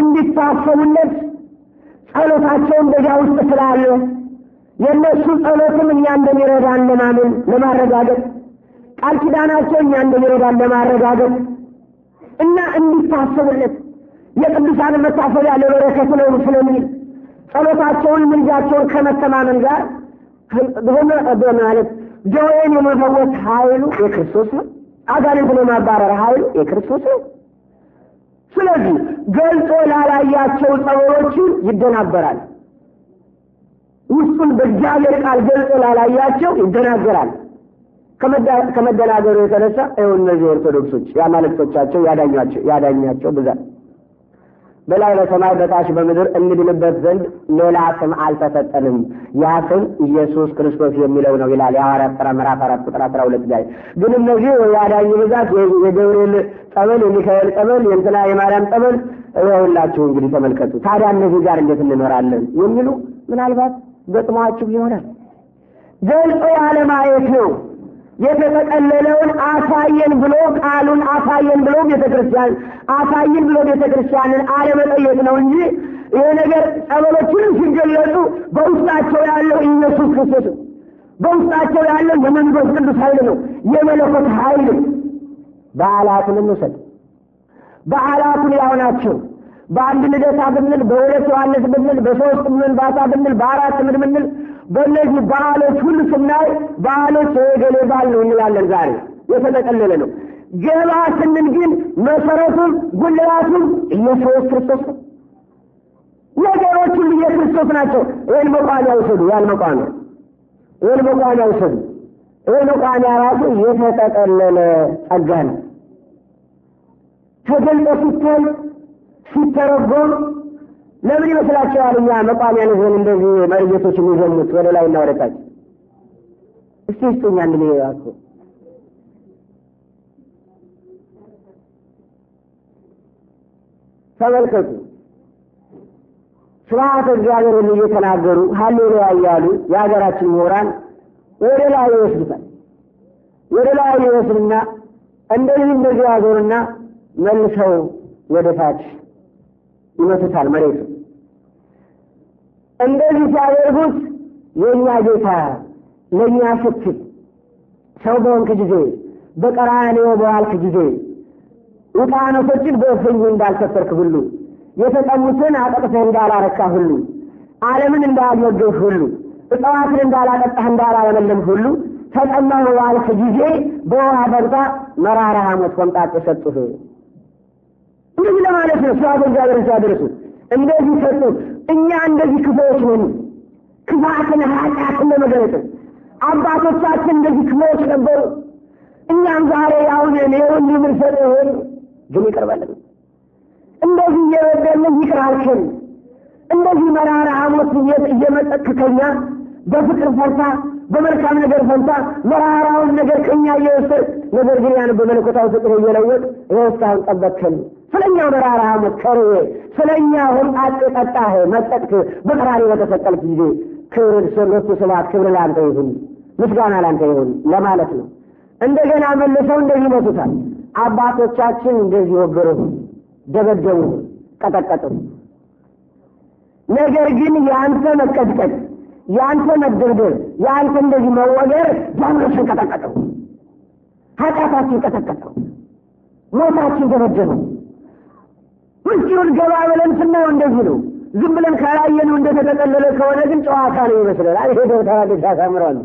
[SPEAKER 1] እንዲታሰቡለት ጸሎታቸውን በዚያ ውስጥ ስላለ የእነሱ ጸሎትም እኛ እንደሚረዳን ለማመን ለማረጋገጥ ቃል ኪዳናቸው እኛ እንደሚረዳን ለማረጋገጥ እና እንዲታሰብለት የቅዱሳን መታሰቢያ ለበረከት ነው ስለሚል ጸሎታቸውን ምልጃቸውን ከመተማመን ጋር ሆነ ደዌን የመፈወት ኃይሉ የክርስቶስ ነው። አጋንንትን የማባረር ኃይሉ የክርስቶስ ነው። ስለዚህ ገልጦ ላላያቸው ጸበሮቹ ይደናበራል። ውስጡን በእግዚአብሔር ቃል ገልጾ ላላያቸው ይደናገራል። ከመደናገሩ የተነሳ ይኸው እነዚህ ኦርቶዶክሶች የአማልክቶቻቸው ያዳኛቸው ያዳኛቸው ብዛት በላይ በሰማይ በታች በምድር እንድንበት ዘንድ ሌላ ስም አልተሰጠንም፣ ያ ስም ኢየሱስ ክርስቶስ የሚለው ነው ይላል የሐዋርያት ሥራ ምዕራፍ አራት ቁጥር አስራ ሁለት ላይ ግን እነዚህ የአዳኝ ብዛት የገብርኤል ጠበል፣ የሚካኤል ጠበል፣ የእንትና የማርያም ጠበል ይኸውላችሁ እንግዲህ ተመልከቱ። ታዲያ እነዚህ ጋር እንዴት እንኖራለን የሚሉ ምናልባት ገጥሟችሁ ይሆናል። ገልጾ ያለማየት ነው። የተጠቀለለውን አሳየን ብሎ ቃሉን አሳየን ብሎ ቤተ ክርስቲያን አሳይን ብሎ ቤተ ክርስቲያንን አለመጠየቅ ነው እንጂ ይሄ ነገር ጸበሎችንም ሲገለጹ በውስጣቸው ያለው ኢየሱስ ክርስቶስ በውስጣቸው ያለው የመንፈስ ቅዱስ ኃይል ነው፣ የመለኮት ኃይል። በዓላቱን እንውሰድ። በዓላቱን ያው ናቸው። በአንድ ልደታ ብንል፣ በሁለት ዮሐንስ ብንል፣ በሶስት ምን ባሳ ብንል፣ በአራት ምን ብንል፣ በእነዚህ ባህሎች ሁሉ ስናይ ባህሎች የገሌ ባህል ነው እንላለን። ዛሬ የተጠቀለለ ነው። ገባ ስንል ግን መሰረቱም ጉልላቱም ኢየሱስ ክርስቶስ ነው። ነገሮች ሁሉ የክርስቶስ ናቸው። ይህን መቋሚያ ውሰዱ። ያን መቋሚያ ይህን መቋሚያ ውሰዱ። ይህን መቋሚያ ራሱ የተጠቀለለ ጸጋ ነው። ተገልጦ ሲታይ ሲተረጎም ለምን ይመስላችኋል እኛ መቋሚያ ነው እንደዚህ መርጌቶች የሚዘሙት ወደ ላይ እና ወደ ታች? እስቲ ስጡኝ አንድ ጊዜ እባክዎ ተመልከቱ። ስርዓተ እግዚአብሔርን እየተናገሩ ሀሌሉያ እያሉ የሀገራችን ምሁራን ወደ ላይ ይወስዱታል። ወደ ላይ ይወስድና እንደዚህ እንደዚህ አዞርና መልሰው ወደ ታች ይመቱታል መሬቱ። እንደዚህ ሲያደርጉት የእኛ ጌታ ለእኛ ስትል ሰው በሆንክ ጊዜ በቀራንዮ በዋልክ ጊዜ ውቅያኖሶችን በእፍኝ እንዳልሰፈርክ ሁሉ የተጠሙትን አጠጥተህ እንዳላረካ ሁሉ ዓለምን እንዳልመገብህ ሁሉ እጽዋትን እንዳላጠጣህ እንዳላለመለምህ ሁሉ ተጠማሁ ባልክ ጊዜ በውሃ በርታ መራራ ሐሞት ቆምጣጤ ሰጡህ። እንደዚህ ለማለት ነው። ስራ በእግዚአብሔር ሲያደርሱ እንደዚህ ሰጡ። እኛ እንደዚህ ክፉዎች ነን። ክፋትን ኃጢአትን ለመገለጥ አባቶቻችን እንደዚህ ክፉዎች ነበሩ። እኛም ዛሬ ያሁን የወንድ ሰጥ ይሆን ግን ይቀርባለን። እንደዚህ እየበደልን ይቅራልችን እንደዚህ መራራ አሞት እየመጠክከኛ በፍቅር ፈርታ በመልካም ነገር ፈንታ መራራውን ነገር ከኛ እየወሰድ ነገር ግን ያን በመለኮታዊ ፍቅር እየለወጥ የወስታሁን ጠበቅከን ስለኛ መራራ መከር እኛ ሁን ጠጣህ፣ መጠጥክ በቀራሪ በተሰቀልክ ጊዜ ክብር ሰሎቱ ስብሐት ክብር ለአንተ ይሁን፣ ምስጋና ለአንተ ይሁን ለማለት ነው። እንደገና መልሰው እንደዚህ ይመቱታል። አባቶቻችን እንደዚህ ወገሩ፣ ደበደቡ፣ ቀጠቀጡ። ነገር ግን የአንተ መቀጥቀጥ ያንተ መደብደብ ያንተ እንደዚህ መወገር ጃምሮችን ቀጠቀጠው፣ ኃጢአታችን ቀጠቀጠው፣ ሞታችን ደረጀነው። ምስጢሩን ገባ ብለን ስናየው እንደዚህ ነው። ዝም ብለን ካላየነው እንደተጠቀለለ ከሆነ ግን ጨዋታ ነው ይመስላል። አይ ሄደው ተራደሽ ያሳምራሉ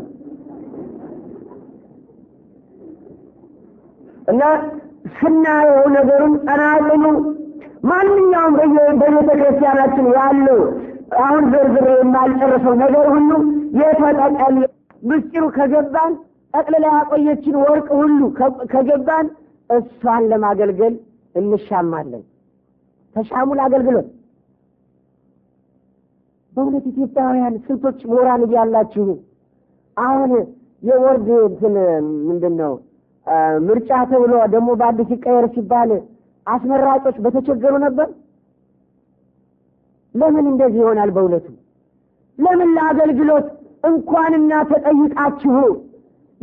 [SPEAKER 1] እና ስናየው ነገሩን ጠናቅኑ። ማንኛውም በቤተ ክርስቲያናችን ያለው አሁን ዝርዝር የማልጨርሰው ነገር ሁሉ የተጠቀል ምስጢሩ ከገባን ጠቅልላ ያቆየችን ወርቅ ሁሉ ከገባን እሷን ለማገልገል እንሻማለን። ተሻሙል አገልግሎት በእውነት ኢትዮጵያውያን ስንቶች ሞራን እያላችሁ አሁን የወርድ እንትን ምንድን ነው ምርጫ ተብሎ ደግሞ በአዲስ ይቀየር ሲባል አስመራጮች በተቸገሩ ነበር። ለምን እንደዚህ ይሆናል? በእውነቱ ለምን ለአገልግሎት እንኳንና ተጠይቃችሁ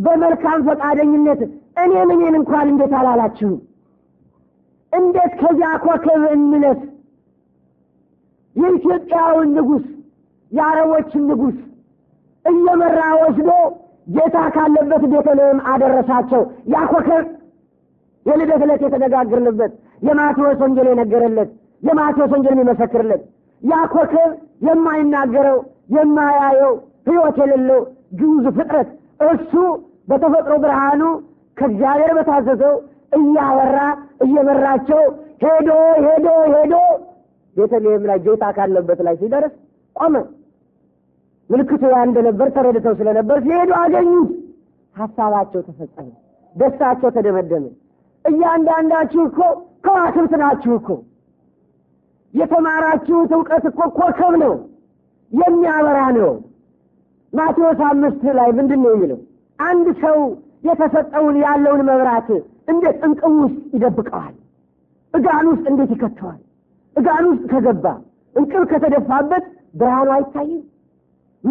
[SPEAKER 1] በመልካም ፈቃደኝነት እኔ ምኔን እንኳን እንዴት አላላችሁ? እንዴት ከዚያ ኮከብ እንለፍ የኢትዮጵያውን ንጉሥ የአረቦችን ንጉሥ እየመራ ወስዶ ጌታ ካለበት ቤተልሔም አደረሳቸው። ያ ኮከብ የልደት ዕለት የተነጋገርንበት የማቴዎስ ወንጌል የነገረለት የማቴዎስ ወንጌል የሚመሰክርለት ያ ኮከብ የማይናገረው የማያየው ህይወት የሌለው ግዑዝ ፍጥረት እሱ በተፈጥሮ ብርሃኑ ከእግዚአብሔር በታዘዘው እያወራ እየመራቸው ሄዶ ሄዶ ሄዶ ቤተልሔም ላይ ጌታ ካለበት ላይ ሲደርስ ቆመ። ምልክቱ ያ እንደነበር ተረድተው ስለነበር ሲሄዱ አገኙት። ሀሳባቸው ተፈጸመ። ደስታቸው ተደመደመ። እያንዳንዳችሁ እኮ ከዋክብት ናችሁ እኮ የተማራችሁት እውቀት እኮ ኮከብ ነው፣ የሚያበራ ነው። ማቴዎስ አምስት ላይ ምንድን ነው የሚለው? አንድ ሰው የተሰጠውን ያለውን መብራት እንዴት እንቅብ ውስጥ ይደብቀዋል? እጋን ውስጥ እንዴት ይከተዋል? እጋን ውስጥ ከገባ እንቅብ ከተደፋበት ብርሃኑ አይታይም።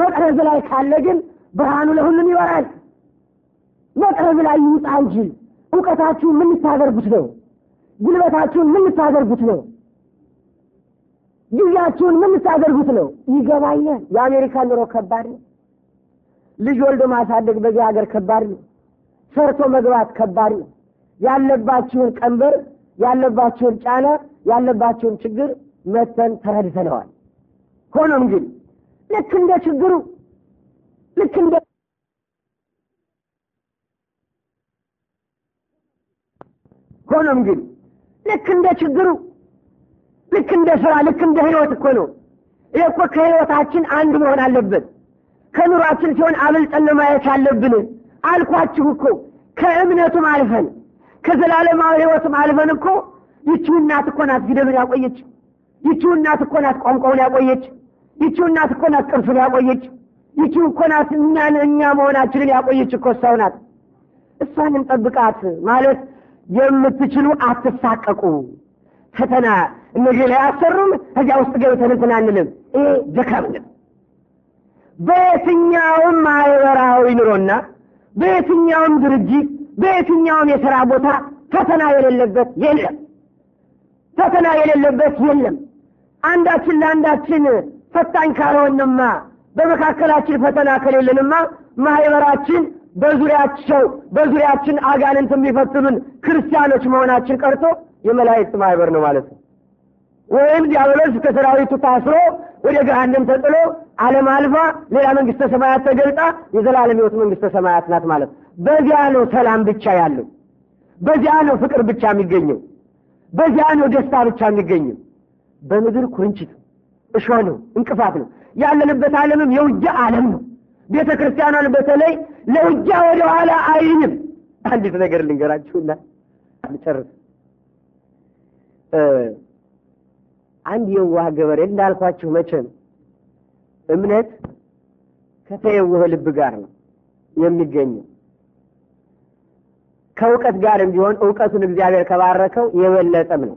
[SPEAKER 1] መቅረዝ ላይ ካለ ግን ብርሃኑ ለሁሉም ይበራል። መቅረዝ ላይ ይውጣ እንጂ እውቀታችሁን ምን ልታደርጉት ነው? ጉልበታችሁን ምን ልታደርጉት ነው? ጊዜያችሁን ምን ልታደርጉት ነው? ይገባኛል። የአሜሪካ ኑሮ ከባድ ነው። ልጅ ወልዶ ማሳደግ በዚህ ሀገር ከባድ ነው። ሰርቶ መግባት ከባድ ነው። ያለባችሁን ቀንበር፣ ያለባችሁን ጫና፣ ያለባችሁን ችግር መተን ተረድተነዋል። ሆኖም ግን ልክ እንደ ችግሩ ልክ እንደ ሆኖም ግን ልክ እንደ ችግሩ ልክ እንደ ስራ ልክ እንደ ህይወት እኮ ነው። ይህ እኮ ከህይወታችን አንድ መሆን አለበት። ከኑሯችን ሲሆን አብልጠን ማየት ያለብን አልኳችሁ እኮ ከእምነቱም አልፈን ከዘላለማዊ ህይወትም አልፈን እኮ ይቺው እናት እኮ ናት ፊደሉን ያቆየች። ይቺው እናት እኮ ናት ቋንቋውን ያቆየች። ይቺው እናት እኮ ናት ቅርሱን ያቆየች። ይቺው እኮ ናት እኛን እኛ መሆናችንን ያቆየች እኮ እሷው ናት። እሷንም ጠብቃት ማለት የምትችሉ አትሳቀቁ። ፈተና እነዚህ ላይ አሰሩም ከዚያ ውስጥ ገብተን እንትን አንልም። ይሄ ደካምነት በየትኛውም ማህበራዊ ኑሮና በየትኛውም ድርጅት በየትኛውም የሥራ ቦታ ፈተና የሌለበት የለም። ፈተና የሌለበት የለም። አንዳችን ለአንዳችን ፈታኝ ካልሆንማ በመካከላችን ፈተና ከሌለንማ ማህበራችን በዙሪያቸው በዙሪያችን አጋንንት የሚፈትኑን ክርስቲያኖች መሆናችን ቀርቶ የመላእክት ማህበር ነው ማለት ነው። ወይም ዲያብሎስ ከሰራዊቱ ታስሮ ወደ ገሃነም ተጥሎ ዓለም አልፋ ሌላ መንግስተ ሰማያት ተገልጣ የዘላለም ህይወት መንግስተ ሰማያት ናት ማለት በዚያ ነው ሰላም ብቻ ያለው። በዚያ ነው ፍቅር ብቻ የሚገኘው። በዚያ ነው ደስታ ብቻ የሚገኘው። በምድር ኩርንችት እሾ ነው፣ እንቅፋት ነው። ያለንበት ዓለምም የውጊያ ዓለም ነው። ቤተ ክርስቲያኗን በተለይ ለውጊያ ወደኋላ አይንም። አንዲት ነገር ልንገራችሁና ልጨርስ። አንድ የዋህ ገበሬ እንዳልኳችሁ መቼም እምነት ከተየወህ ልብ ጋር ነው የሚገኘው። ከእውቀት ጋርም ቢሆን እውቀቱን እግዚአብሔር ከባረከው የበለጠም ነው።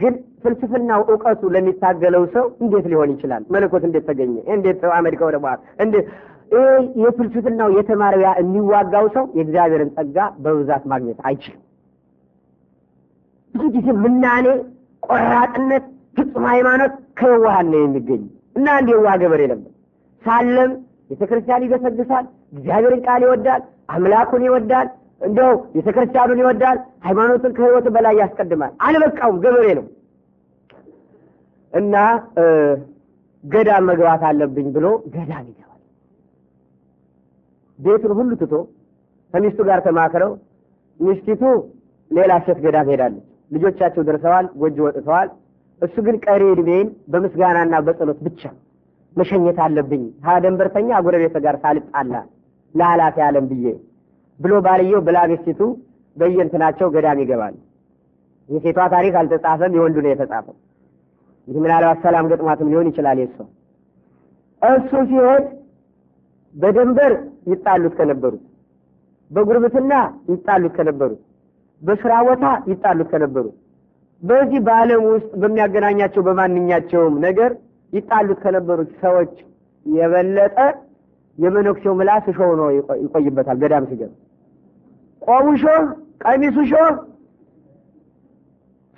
[SPEAKER 1] ግን ፍልስፍናው እውቀቱ ለሚታገለው ሰው እንዴት ሊሆን ይችላል? መለኮት እንዴት ተገኘ? እንዴት ሰው አሜሪካ ወደ ባህር እንዴት የፍልስፍናው የተማሪያ የሚዋጋው ሰው የእግዚአብሔርን ጸጋ በብዛት ማግኘት አይችልም። ብዙ ጊዜ ምናኔ፣ ቆራጥነት ፍጹም ሃይማኖት ከየዋሃን ነው የሚገኝ እና አንድ የዋህ ገበሬ ነበር። ሳለም ቤተ ክርስቲያን ይገሰግሳል፣ እግዚአብሔርን ቃል ይወዳል፣ አምላኩን ይወዳል፣ እንደው ቤተ ክርስቲያኑን ይወዳል። ሃይማኖትን ከህይወቱ በላይ ያስቀድማል። አልበቃውም፣ ገበሬ ነው እና ገዳም መግባት አለብኝ ብሎ ገዳም ይገባል። ቤቱን ሁሉ ትቶ ከሚስቱ ጋር ተማክረው፣ ሚስቲቱ ሌላ ሴት ገዳም ሄዳለች። ልጆቻቸው ደርሰዋል፣ ጎጆ ወጥተዋል። እሱ ግን ቀሪ ዕድሜን በምስጋናና በጸሎት ብቻ መሸኘት አለብኝ ሀ ደንበርተኛ ጎረቤት ጋር ሳልጣላ ለኃላፊ ዓለም ብዬ ብሎ ባልየው ብላ ሚስቲቱ ገዳም ይገባል። የሴቷ ታሪክ አልተጻፈም፣ የወንዱ ነው የተጻፈው። ይህ ምናልባት ሰላም ገጥማትም ሊሆን ይችላል። የሷ እሱ ሲሄድ በደንበር ይጣሉት ከነበሩት፣ በጉርብትና ይጣሉት ከነበሩት፣ በስራ ቦታ ይጣሉት ከነበሩት በዚህ በዓለም ውስጥ በሚያገናኛቸው በማንኛቸውም ነገር ይጣሉት ከነበሩት ሰዎች የበለጠ የመነኩሴው ምላስ እሾህ ነው ይቆይበታል። ገዳም ሲገባ ቆቡ ቀሚሱ ሾህ፣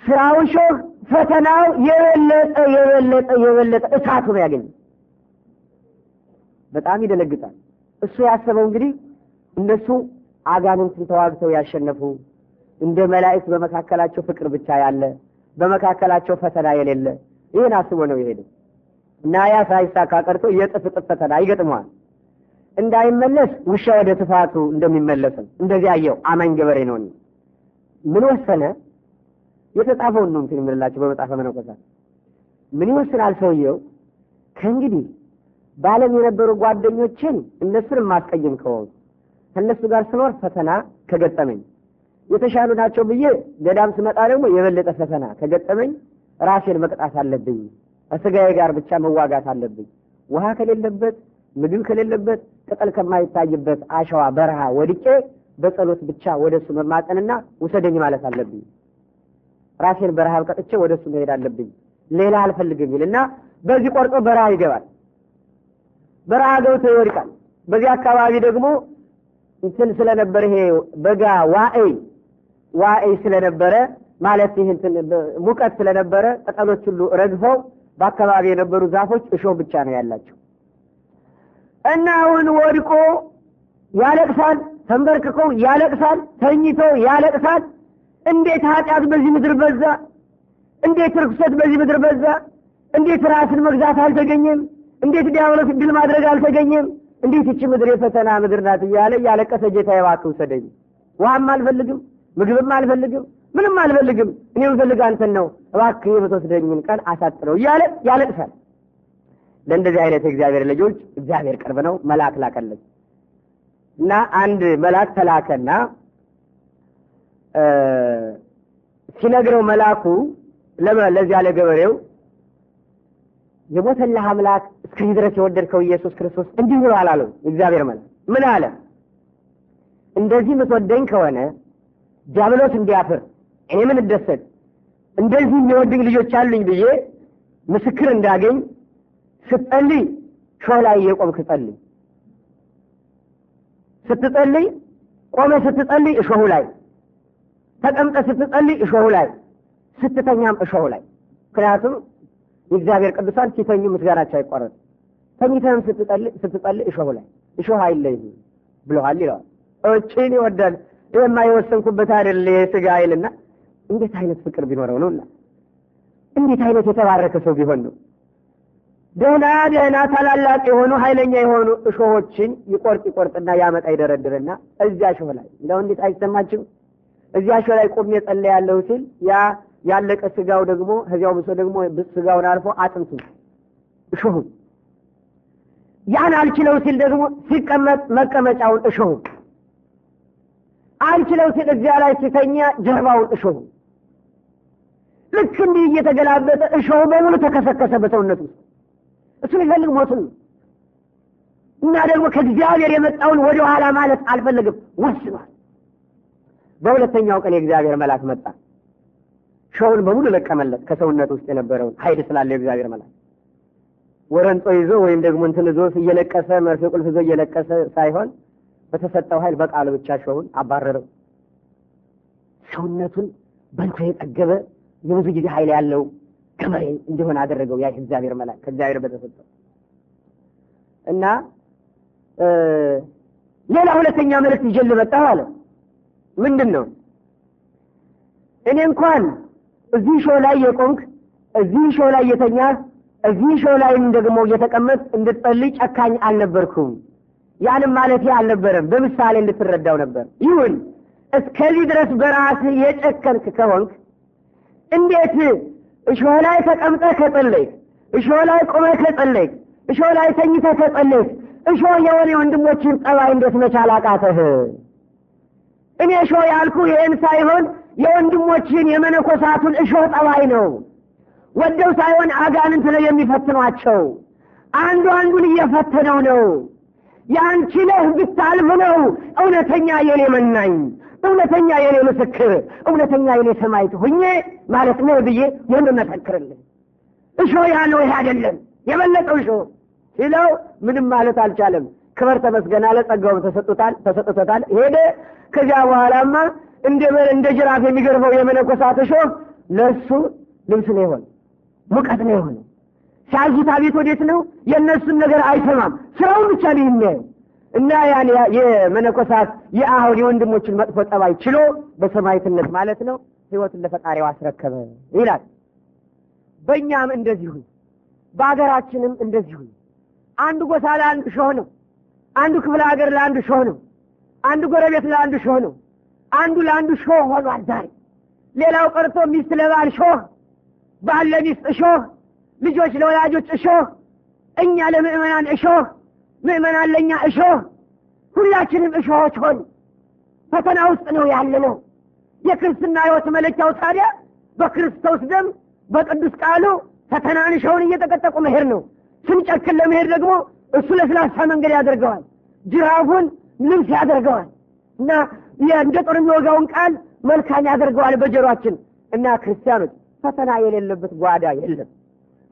[SPEAKER 1] ስራው ሾህ፣ ፈተናው የበለጠ የበለጠ የበለጠ እሳቱ ነው ያገኘ። በጣም ይደለግጣል። እሱ ያሰበው እንግዲህ እነሱ አጋንንትን ተዋግተው ያሸነፉ እንደ መላእክት በመካከላቸው ፍቅር ብቻ ያለ በመካከላቸው ፈተና የሌለ ይህን አስቦ ነው የሄደው እና ያ ሳይሳካ ቀርቶ የጥፍ ጥፍ ፈተና ይገጥመዋል። እንዳይመለስ ውሻ ወደ ትፋቱ እንደሚመለስም እንደዚህ አየው። አማኝ ገበሬ ነው። ምን ወሰነ? የተጻፈውን ነው እንትን የምንላቸው በመጽሐፈ መነኮሳት። ምን ይወስናል ሰውየው? ከእንግዲህ በዓለም የነበሩ ጓደኞችን እነሱን የማስቀይም ከሆኑ ከእነሱ ጋር ስኖር ፈተና ከገጠመኝ የተሻሉ ናቸው ብዬ ገዳም ስመጣ ደግሞ የበለጠ ፈተና ከገጠመኝ ራሴን መቅጣት አለብኝ። ከስጋዬ ጋር ብቻ መዋጋት አለብኝ። ውሃ ከሌለበት፣ ምግብ ከሌለበት፣ ቅጠል ከማይታይበት አሸዋ በረሃ ወድቄ በጸሎት ብቻ ወደ እሱ መማጠንና ውሰደኝ ማለት አለብኝ። ራሴን በረሃብ ቀጥቼ ወደ እሱ መሄድ አለብኝ። ሌላ አልፈልግም ይልና በዚህ ቆርጦ በረሃ ይገባል። በረሃ ገብቶ ይወድቃል። በዚህ አካባቢ ደግሞ እንትን ስለነበር ይሄ በጋ ዋዕይ ዋዕይ ስለነበረ ማለት ይህን ሙቀት ስለነበረ ቅጠሎች ሁሉ ረግፈው በአካባቢ የነበሩ ዛፎች እሾህ ብቻ ነው ያላቸው
[SPEAKER 2] እና አሁን ወድቆ
[SPEAKER 1] ያለቅሳል፣ ተንበርክኮ ያለቅሳል፣ ተኝቶ ያለቅሳል። እንዴት ኃጢአት በዚህ ምድር በዛ! እንዴት ርኩሰት በዚህ ምድር በዛ! እንዴት ራስን መግዛት አልተገኘም? እንዴት ዲያብሎስ ድል ማድረግ አልተገኘም? እንዴት እቺ ምድር የፈተና ምድር ናት እያለ ያለቀሰ ጌታ፣ እባክህ ውሰደኝ፣ ውሃም አልፈልግም ምግብም አልፈልግም ምንም አልፈልግም፣ እኔ የምፈልግ አንተን ነው፣ እባክህ የምትወስደኝን ቀን አሳጥረው እያለ ያለቅሳል። ለእንደዚህ አይነት የእግዚአብሔር ልጆች እግዚአብሔር ቅርብ ነው። መልአክ ላከለች እና አንድ መልአክ ተላከና ሲነግረው መልአኩ ለዚያ ለገበሬው የሞተልህ አምላክ እስከዚህ ድረስ የወደድከው ኢየሱስ ክርስቶስ እንዲህ ብሎ አላለው። እግዚአብሔር መልአክ ምን አለ? እንደዚህ የምትወደኝ ከሆነ ዲያብሎስ እንዲያፍር እኔ ምን እደሰት እንደዚህ የሚወድኝ ልጆች አሉኝ ብዬ ምስክር እንዳገኝ ስትጸልይ ሾህ ላይ የቆምክ ጸልይ። ስትጸልይ ቆመ ስትጸልይ እሾሁ ላይ፣ ተቀምጠ ስትጸልይ እሾሁ ላይ፣ ስትተኛም እሾሁ ላይ። ምክንያቱም የእግዚአብሔር ቅዱሳን ሲተኙ ምስጋናቸው አይቋረጥ። ተኝተህም ስትጸልይ እሾሁ ላይ እሾህ አይለይም ብለዋል ይለዋል። እጭን ይወዳል ይህማ የወሰንኩበት አይደል ስጋ አይልና እንዴት አይነት ፍቅር ቢኖረው ነውና እንዴት አይነት የተባረከ ሰው ቢሆን ነው። ደህና ደህና ታላላቅ የሆኑ ኃይለኛ የሆኑ እሾሆችን ይቆርጥ ይቆርጥና ያመጣ ይደረድርና እዚያ እሾህ ላይ እንደው እንዴት አይሰማችም? እዚያ እሾህ ላይ ቆሜ ጸልያለሁ ሲል ያ ያለቀ ስጋው ደግሞ ከዚያው ብሶ ደግሞ ስጋውን አልፎ አጥንቱ እሾሁ ያን አልችለው ሲል ደግሞ ሲቀመጥ መቀመጫውን እሾሁ አንችለው ሲል እዚያ ላይ ሲተኛ ጀርባውን እሾሁ ልክ እንዲህ እየተገላበጠ እሾሁ በሙሉ ተከሰከሰ በሰውነት ውስጥ እሱ ሊፈልግ ሞትን እና ደግሞ ከእግዚአብሔር የመጣውን ወደኋላ ማለት አልፈልግም ወስኗል በሁለተኛው ቀን የእግዚአብሔር መልአክ መጣ እሾሁን በሙሉ ለቀመለት ከሰውነት ውስጥ የነበረውን ኃይል ስላለ የእግዚአብሔር መልአክ ወረንጦ ይዞ ወይም ደግሞ እንትን ይዞ እየለቀሰ መርፌ ቁልፍ ይዞ እየለቀሰ ሳይሆን በተሰጠው ኃይል በቃሉ ብቻ ሾሁን አባረረው። ሰውነቱን በልቶ የጠገበ የብዙ ጊዜ ኃይል ያለው ገበሬ እንዲሆን አደረገው። ያ እግዚአብሔር መልአክ ከእግዚአብሔር በተሰጠው እና ሌላ ሁለተኛ መልእክት ይዤ ልመጣሁ አለ። ምንድን ነው? እኔ እንኳን እዚህ ሾህ ላይ የቆምክ እዚህ ሾህ ላይ የተኛ እዚህ ሾህ ላይም ደግሞ እየተቀመጥ እንድትጸልይ ጨካኝ አልነበርኩም። ያንም ማለት አልነበረም፣ በምሳሌ እንድትረዳው ነበር። ይሁን እስከዚህ ድረስ በራስህ የጨከንክ ከሆንክ እንዴት እሾህ ላይ ተቀምጠህ ከጸለይ፣ እሾህ ላይ ቆመህ ከጸለይ፣ እሾህ ላይ ተኝተህ ከጸለይ፣ እሾህ የሆነ ወንድሞችን ጠባይ እንዴት መቻል አቃተህ? እኔ እሾህ ያልኩ ይህን ሳይሆን የወንድሞችን የመነኮሳቱን እሾህ ጠባይ ነው። ወደው ሳይሆን አጋንንት ነው የሚፈትኗቸው። አንዱ አንዱን እየፈተነው ነው። የአንቺ ነህ ብታልፍ ነው እውነተኛ የኔ መናኝ፣ እውነተኛ የኔ ምስክር፣ እውነተኛ የኔ ሰማይት ሁኜ ማለት ነው ብዬ ይህን መሰክርልን። እሾ ያለው ይህ አይደለም የበለጠው እሾ ሲለው ምንም ማለት አልቻለም። ክብር ተመስገን አለ። ጸጋውም ተሰጥቶታል ተሰጥቶታል ሄደ። ከዚያ በኋላማ እንደ እንደ ጅራፍ የሚገርፈው የመነኮሳት እሾ ለእሱ ልብስ ነው ይሆን ሙቀት ነው የሆነ ሲያዙት አቤት ወዴት ነው? የእነሱን ነገር አይሰማም። ስራውን ብቻ ነው የሚያየው። እና ያን የመነኮሳት የአሁን የወንድሞችን መጥፎ ጠባይ ችሎ በሰማዕትነት ማለት ነው ህይወቱን ለፈጣሪው አስረከበ ይላል። በእኛም እንደዚሁ በአገራችንም እንደዚሁ አንዱ ጎሳ ለአንዱ ሾህ ነው። አንዱ ክፍለ ሀገር ለአንዱ ሾህ ነው። አንዱ ጎረቤት ለአንዱ ሾህ ነው። አንዱ ለአንዱ ሾህ ሆኗል ዛሬ። ሌላው ቀርቶ ሚስት ለባል ሾህ፣ ባል ለሚስት ሾህ ልጆች ለወላጆች እሾህ፣ እኛ ለምእመናን እሾህ፣ ምእመናን ለእኛ እሾህ፣ ሁላችንም እሾሆች ሆን ፈተና ውስጥ ነው ያለ ነው። የክርስትና ሕይወት መለኪያው ታዲያ በክርስቶስ ደም በቅዱስ ቃሉ ፈተናን እሾውን እየጠቀጠቁ መሄድ ነው። ስንጨክን ለመሄድ ደግሞ እሱ ለስላሳ መንገድ ያደርገዋል፣ ጅራፉን ልብስ ያደርገዋል እና እንደ ጦር የሚወጋውን ቃል መልካም ያደርገዋል በጀሯችን እና ክርስቲያኖች ፈተና የሌለበት ጓዳ የለም።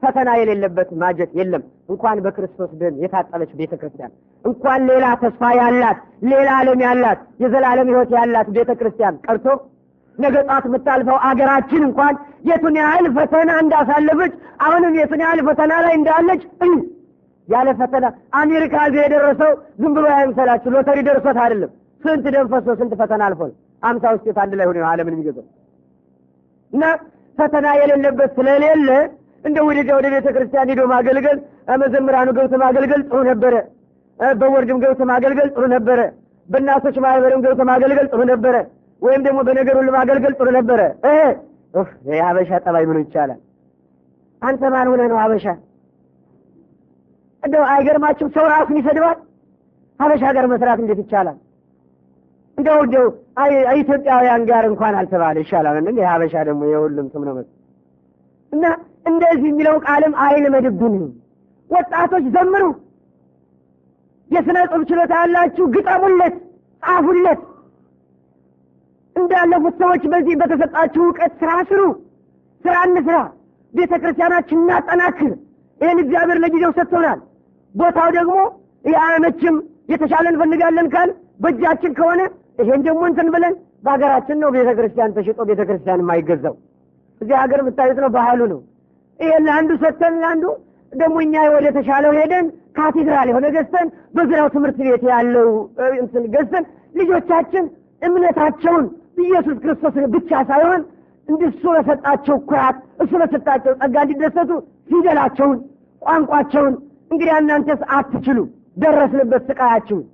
[SPEAKER 1] ፈተና የሌለበት ማጀት የለም። እንኳን በክርስቶስ ደም የታጠበች ቤተ ክርስቲያን እንኳን ሌላ ተስፋ ያላት ሌላ ዓለም ያላት የዘላለም ሕይወት ያላት ቤተ ክርስቲያን ቀርቶ ነገ ጧት የምታልፈው አገራችን እንኳን የቱን ያህል ፈተና እንዳሳለፈች አሁንም የቱን ያህል ፈተና ላይ እንዳለች እዩ። ያለ ፈተና አሜሪካ ዚ የደረሰው ዝም ብሎ አይምሰላችሁ ሎተሪ ደርሶት አይደለም። ስንት ደም ፈሶ ስንት ፈተና አልፎ ነው አምሳ ውስጤት አንድ ላይ ሆነ ዓለምን የሚገዛው እና ፈተና የሌለበት ስለሌለ እንደ ወደዛ ወደ ቤተ ክርስቲያን ሄዶ ማገልገል፣ መዘምራኑ ገብቶ ማገልገል ጥሩ ነበረ። በወርድም ገብቶ ማገልገል ጥሩ ነበረ። በእናቶች ማህበርም ገብቶ ማገልገል ጥሩ ነበረ። ወይም ደግሞ በነገር ሁሉ ማገልገል ጥሩ ነበረ። የሀበሻ ጠባይ ምኑ ይቻላል? አንተ ማን ሆነህ ነው ሀበሻ? እንደው አይገርማችሁም? ሰው ራሱን ይሰድባል። ሀበሻ ጋር መስራት እንዴት ይቻላል? እንደው እንደው አይ ኢትዮጵያውያን ጋር እንኳን አልተባለ ይሻላል። የሀበሻ ደግሞ የሁሉም ስም ነው እና እንደዚህ የሚለው ቃልም አይልመድብን። ወጣቶች ዘምሩ፣ የሥነ ጽሑፍ ችሎታ ያላችሁ ግጠሙለት፣ ጻፉለት። እንዳለፉት ሰዎች በዚህ በተሰጣችሁ እውቀት ስራ ስሩ፣ ስራ እንስራ፣ ቤተ ክርስቲያናችን እናጠናክር። ይህን እግዚአብሔር ለጊዜው ሰጥቶናል። ቦታው ደግሞ የአመችም የተሻለ እንፈልጋለን ካል በእጃችን ከሆነ ይሄን ደግሞ እንትን ብለን በሀገራችን ነው ቤተ ክርስቲያን ተሽጦ ቤተ ክርስቲያን የማይገዛው እዚህ ሀገር የምታዩት ነው፣ ባህሉ ነው። ይሄን ለአንዱ ሰጥተን ለአንዱ ደግሞ እኛ ወደ ተሻለው ሄደን ካቴድራል የሆነ ገዝተን በዙሪያው ትምህርት ቤት ያለው እንትን ገዝተን ልጆቻችን እምነታቸውን ኢየሱስ ክርስቶስን ብቻ ሳይሆን እንድሱ ለሰጣቸው ኩራት እሱ ለሰጣቸው ጸጋ እንዲደሰቱ ፊደላቸውን፣ ቋንቋቸውን እንግዲያ እናንተስ አትችሉ ደረስንበት ስቃያችሁን።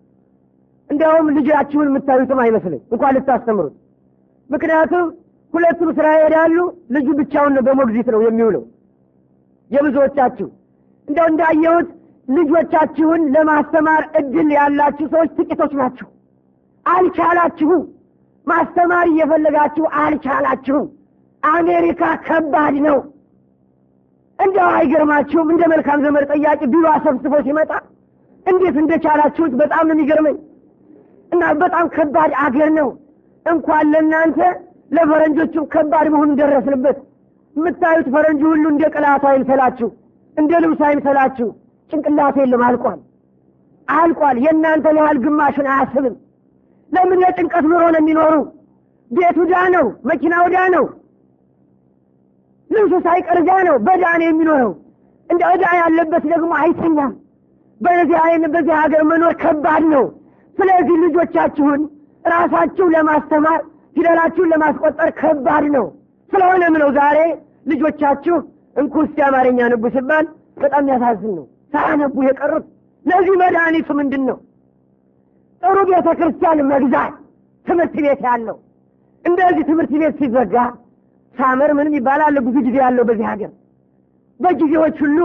[SPEAKER 1] እንዲያውም ልጃችሁን የምታዩትም አይመስልም እንኳን ልታስተምሩት። ምክንያቱም ሁለቱም ስራ ይሄዳሉ። ልጁ ብቻውን ነው በሞግዚት ነው የሚውለው። የብዙዎቻችሁ እንደው እንዳየሁት ልጆቻችሁን ለማስተማር እድል ያላችሁ ሰዎች ጥቂቶች ናችሁ። አልቻላችሁ፣ ማስተማር እየፈለጋችሁ አልቻላችሁ። አሜሪካ ከባድ ነው። እንደው አይገርማችሁም? እንደ መልካም ዘመድ ጠያቂ ቢሮ አሰብስቦ ሲመጣ እንዴት እንደቻላችሁት በጣም ነው የሚገርመኝ። እና በጣም ከባድ አገር ነው። እንኳን ለእናንተ ለፈረንጆቹም ከባድ መሆኑ ደረስንበት። የምታዩት ፈረንጅ ሁሉ እንደ ቅላቱ አይምሰላችሁ፣ እንደ ልብሱ አይምሰላችሁ። ጭንቅላቱ የለም አልቋል፣ አልቋል። የእናንተ ያህል ግማሹን አያስብም። ለምን የጭንቀት ኑሮ ነው የሚኖሩ? ቤቱ ዳ ነው፣ መኪናው ዳ ነው፣ ልብሱ ሳይቀር ዳ ነው። በዳ ነው የሚኖረው። እንደ ዕዳ ያለበት ደግሞ አይተኛም። በዚህ አይን በዚህ ሀገር መኖር ከባድ ነው። ስለዚህ ልጆቻችሁን ራሳችሁ ለማስተማር ፊደላችሁን ለማስቆጠር ከባድ ነው። ስለሆነም ነው ዛሬ ልጆቻችሁ እንኩ እስቲ አማርኛ ንቡ ሲባል በጣም ያሳዝን ነው ሳያነቡ የቀሩት ለዚህ መድኃኒቱ ምንድን ነው ጥሩ ቤተ ክርስቲያን መግዛት ትምህርት ቤት ያለው እንደዚህ ትምህርት ቤት ሲዘጋ ሳመር ምንም ይባላል ብዙ ጊዜ ያለው በዚህ ሀገር በጊዜዎች ሁሉ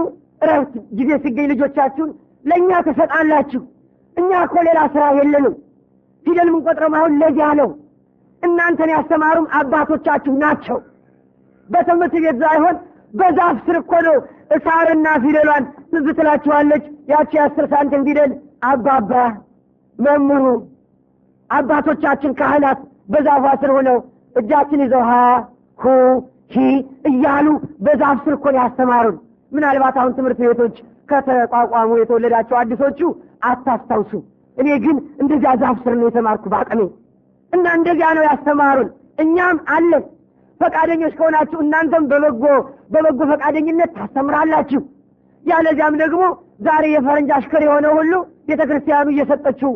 [SPEAKER 1] እረፍት ጊዜ ሲገኝ ልጆቻችሁን ለእኛ ትሰጣላችሁ እኛ እኮ ሌላ ስራ የለንም ፊደል ምንቆጥረም አሁን ለዚያ አለው እናንተን ያስተማሩም አባቶቻችሁ ናቸው በትምህርት ቤት ሳይሆን በዛፍ ስር እኮ ነው። እሳርና ፊደሏን ትዝ ትላችኋለች። ያቺ አስር ሳንቲም ፊደል አባባ መምሩ አባቶቻችን ካህናት በዛፏ ስር ሆነው እጃችን ይዘው ሀ ሁ ሂ እያሉ በዛፍ ስር እኮ ነው ያስተማሩን። ምናልባት አሁን ትምህርት ቤቶች ከተቋቋሙ የተወለዳቸው አዲሶቹ አታስታውሱ። እኔ ግን እንደዚያ ዛፍ ስር ነው የተማርኩ በአቅሜ እና እንደዚያ ነው ያስተማሩን። እኛም አለን ፈቃደኞች ከሆናችሁ እናንተም በበጎ በበጎ ፈቃደኝነት ታስተምራላችሁ። ያለዚያም ደግሞ ዛሬ የፈረንጅ አሽከር የሆነ ሁሉ ቤተ ክርስቲያኑ እየሰጠችው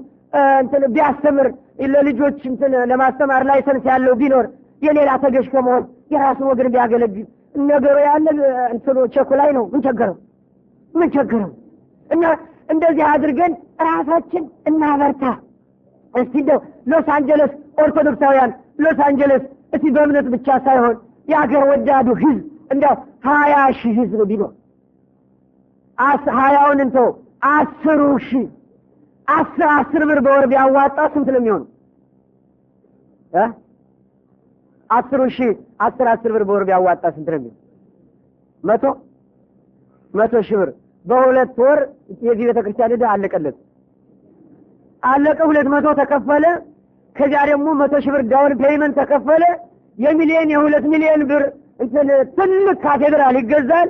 [SPEAKER 1] እንትን ቢያስተምር ለልጆች እንትን ለማስተማር ላይሰንስ ያለው ቢኖር የሌላ ተገዥ ከመሆን የራሱን ወገን ቢያገለግል ነገሩ ያለ እንትኑ ቸኩ ላይ ነው። ምን ቸገረው? ምን ቸገረው? እና እንደዚህ አድርገን ራሳችን እናበርታ። እስቲ እንደው ሎስ አንጀለስ ኦርቶዶክሳውያን ሎስ አንጀለስ እቲ በእምነት ብቻ ሳይሆን የሀገር ወዳዱ ህዝብ እንዲያው ሀያ ሺህ ህዝብ ቢኖር ሀያውን እንተ አስሩ ሺህ አስር አስር ብር በወር ቢያዋጣ ስንት ነው የሚሆኑ አስሩ ሺህ አስር አስር ብር በወር ቢያዋጣ ስንት ነው የሚሆኑ መቶ መቶ ሺህ ብር በሁለት ወር የዚህ ቤተ ክርስቲያን ዕዳ አለቀለት አለቀ ሁለት መቶ ተከፈለ ከዚያ ደግሞ መቶ ሺህ ብር ዳውን ፔይመንት ተከፈለ። የሚሊየን የሁለት ሚሊዮን ብር እንትን ትልቅ ካቴድራል ይገዛል።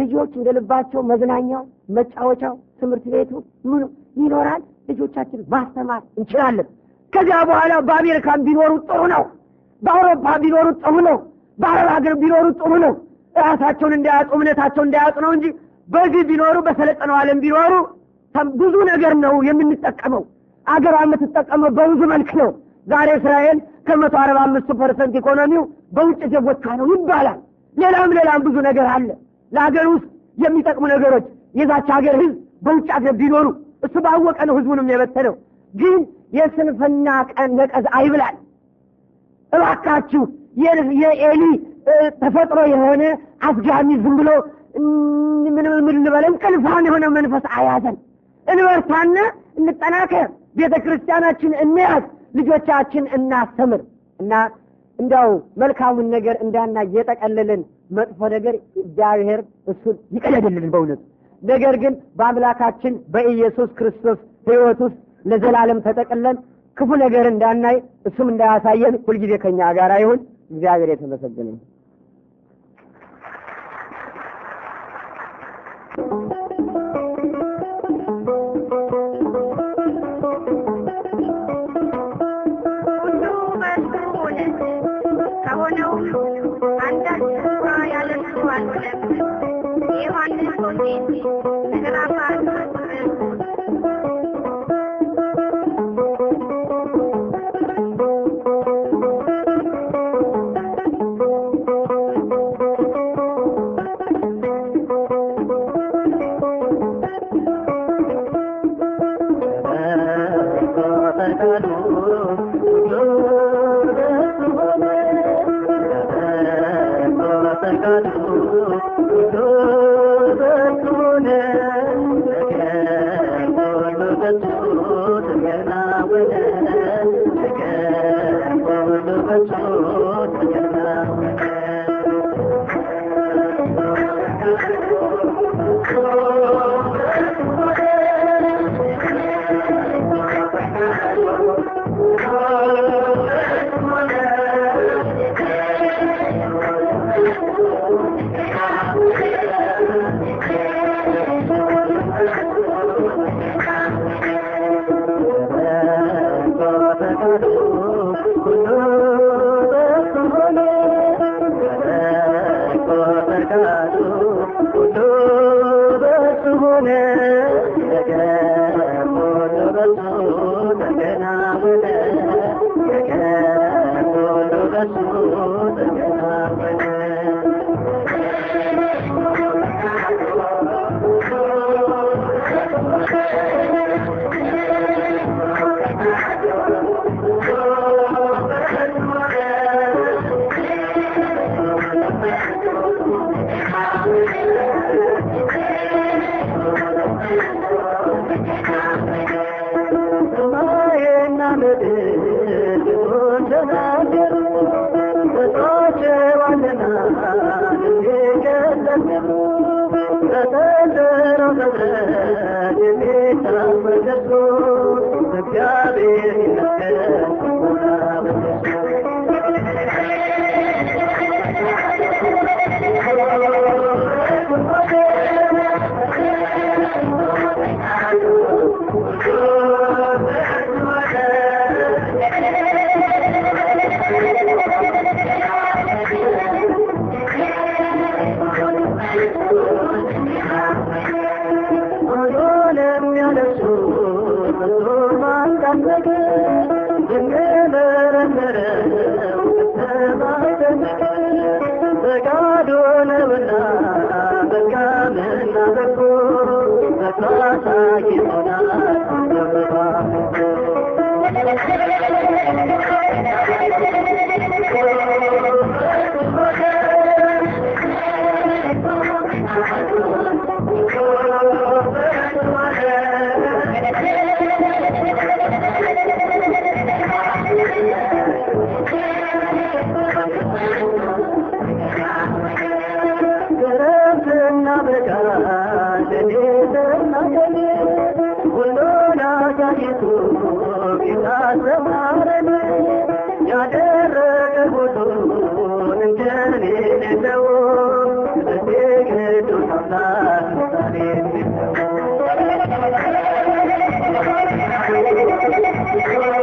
[SPEAKER 1] ልጆች እንደ ልባቸው መዝናኛው፣ መጫወቻው፣ ትምህርት ቤቱ ምኑ ይኖራል። ልጆቻችን ማስተማር እንችላለን። ከዚያ በኋላ በአሜሪካን ቢኖሩ ጥሩ ነው። በአውሮፓ ቢኖሩ ጥሩ ነው። በአረብ ሀገር ቢኖሩ ጥሩ ነው። ራሳቸውን እንዳያጡ እምነታቸውን እንዳያጡ ነው እንጂ በዚህ ቢኖሩ በሰለጠነው ዓለም ቢኖሩ ብዙ ነገር ነው የምንጠቀመው። አገሯ የምትጠቀመው በብዙ መልክ ነው። ዛሬ እስራኤል ከመቶ አርባ አምስቱ ፐርሰንት ኢኮኖሚው በውጭ ዜጎቿ ነው ይባላል። ሌላም ሌላም ብዙ ነገር አለ። ለሀገር ውስጥ የሚጠቅሙ ነገሮች የዛች ሀገር ህዝብ በውጭ ሀገር ቢኖሩ እሱ ባወቀ ነው ህዝቡንም የበተነው። ግን የስንፍና ቀን ነቀዝ አይብላል። እባካችሁ የኤሊ ተፈጥሮ የሆነ አስጋሚ ዝም ብሎ ምንም ልበለ እንቅልፋን የሆነ መንፈስ አያዘን። እንበርታና እንጠናከር። ቤተ ክርስቲያናችን እንያዝ፣ ልጆቻችን እናስተምር እና እንዲያው መልካሙን ነገር እንዳና የጠቀለልን መጥፎ ነገር እግዚአብሔር እሱን ይቀደድልን በእውነት ነገር ግን በአምላካችን በኢየሱስ ክርስቶስ ሕይወት ውስጥ ለዘላለም ተጠቅለን ክፉ ነገር እንዳናይ እሱም እንዳያሳየን ሁልጊዜ ከኛ ጋር ይሁን። እግዚአብሔር የተመሰገነ
[SPEAKER 2] प्यारे ያለፈ የመረመረው ተማተን ፈቃድ ሆነውና መልካምና በጎ Thank you.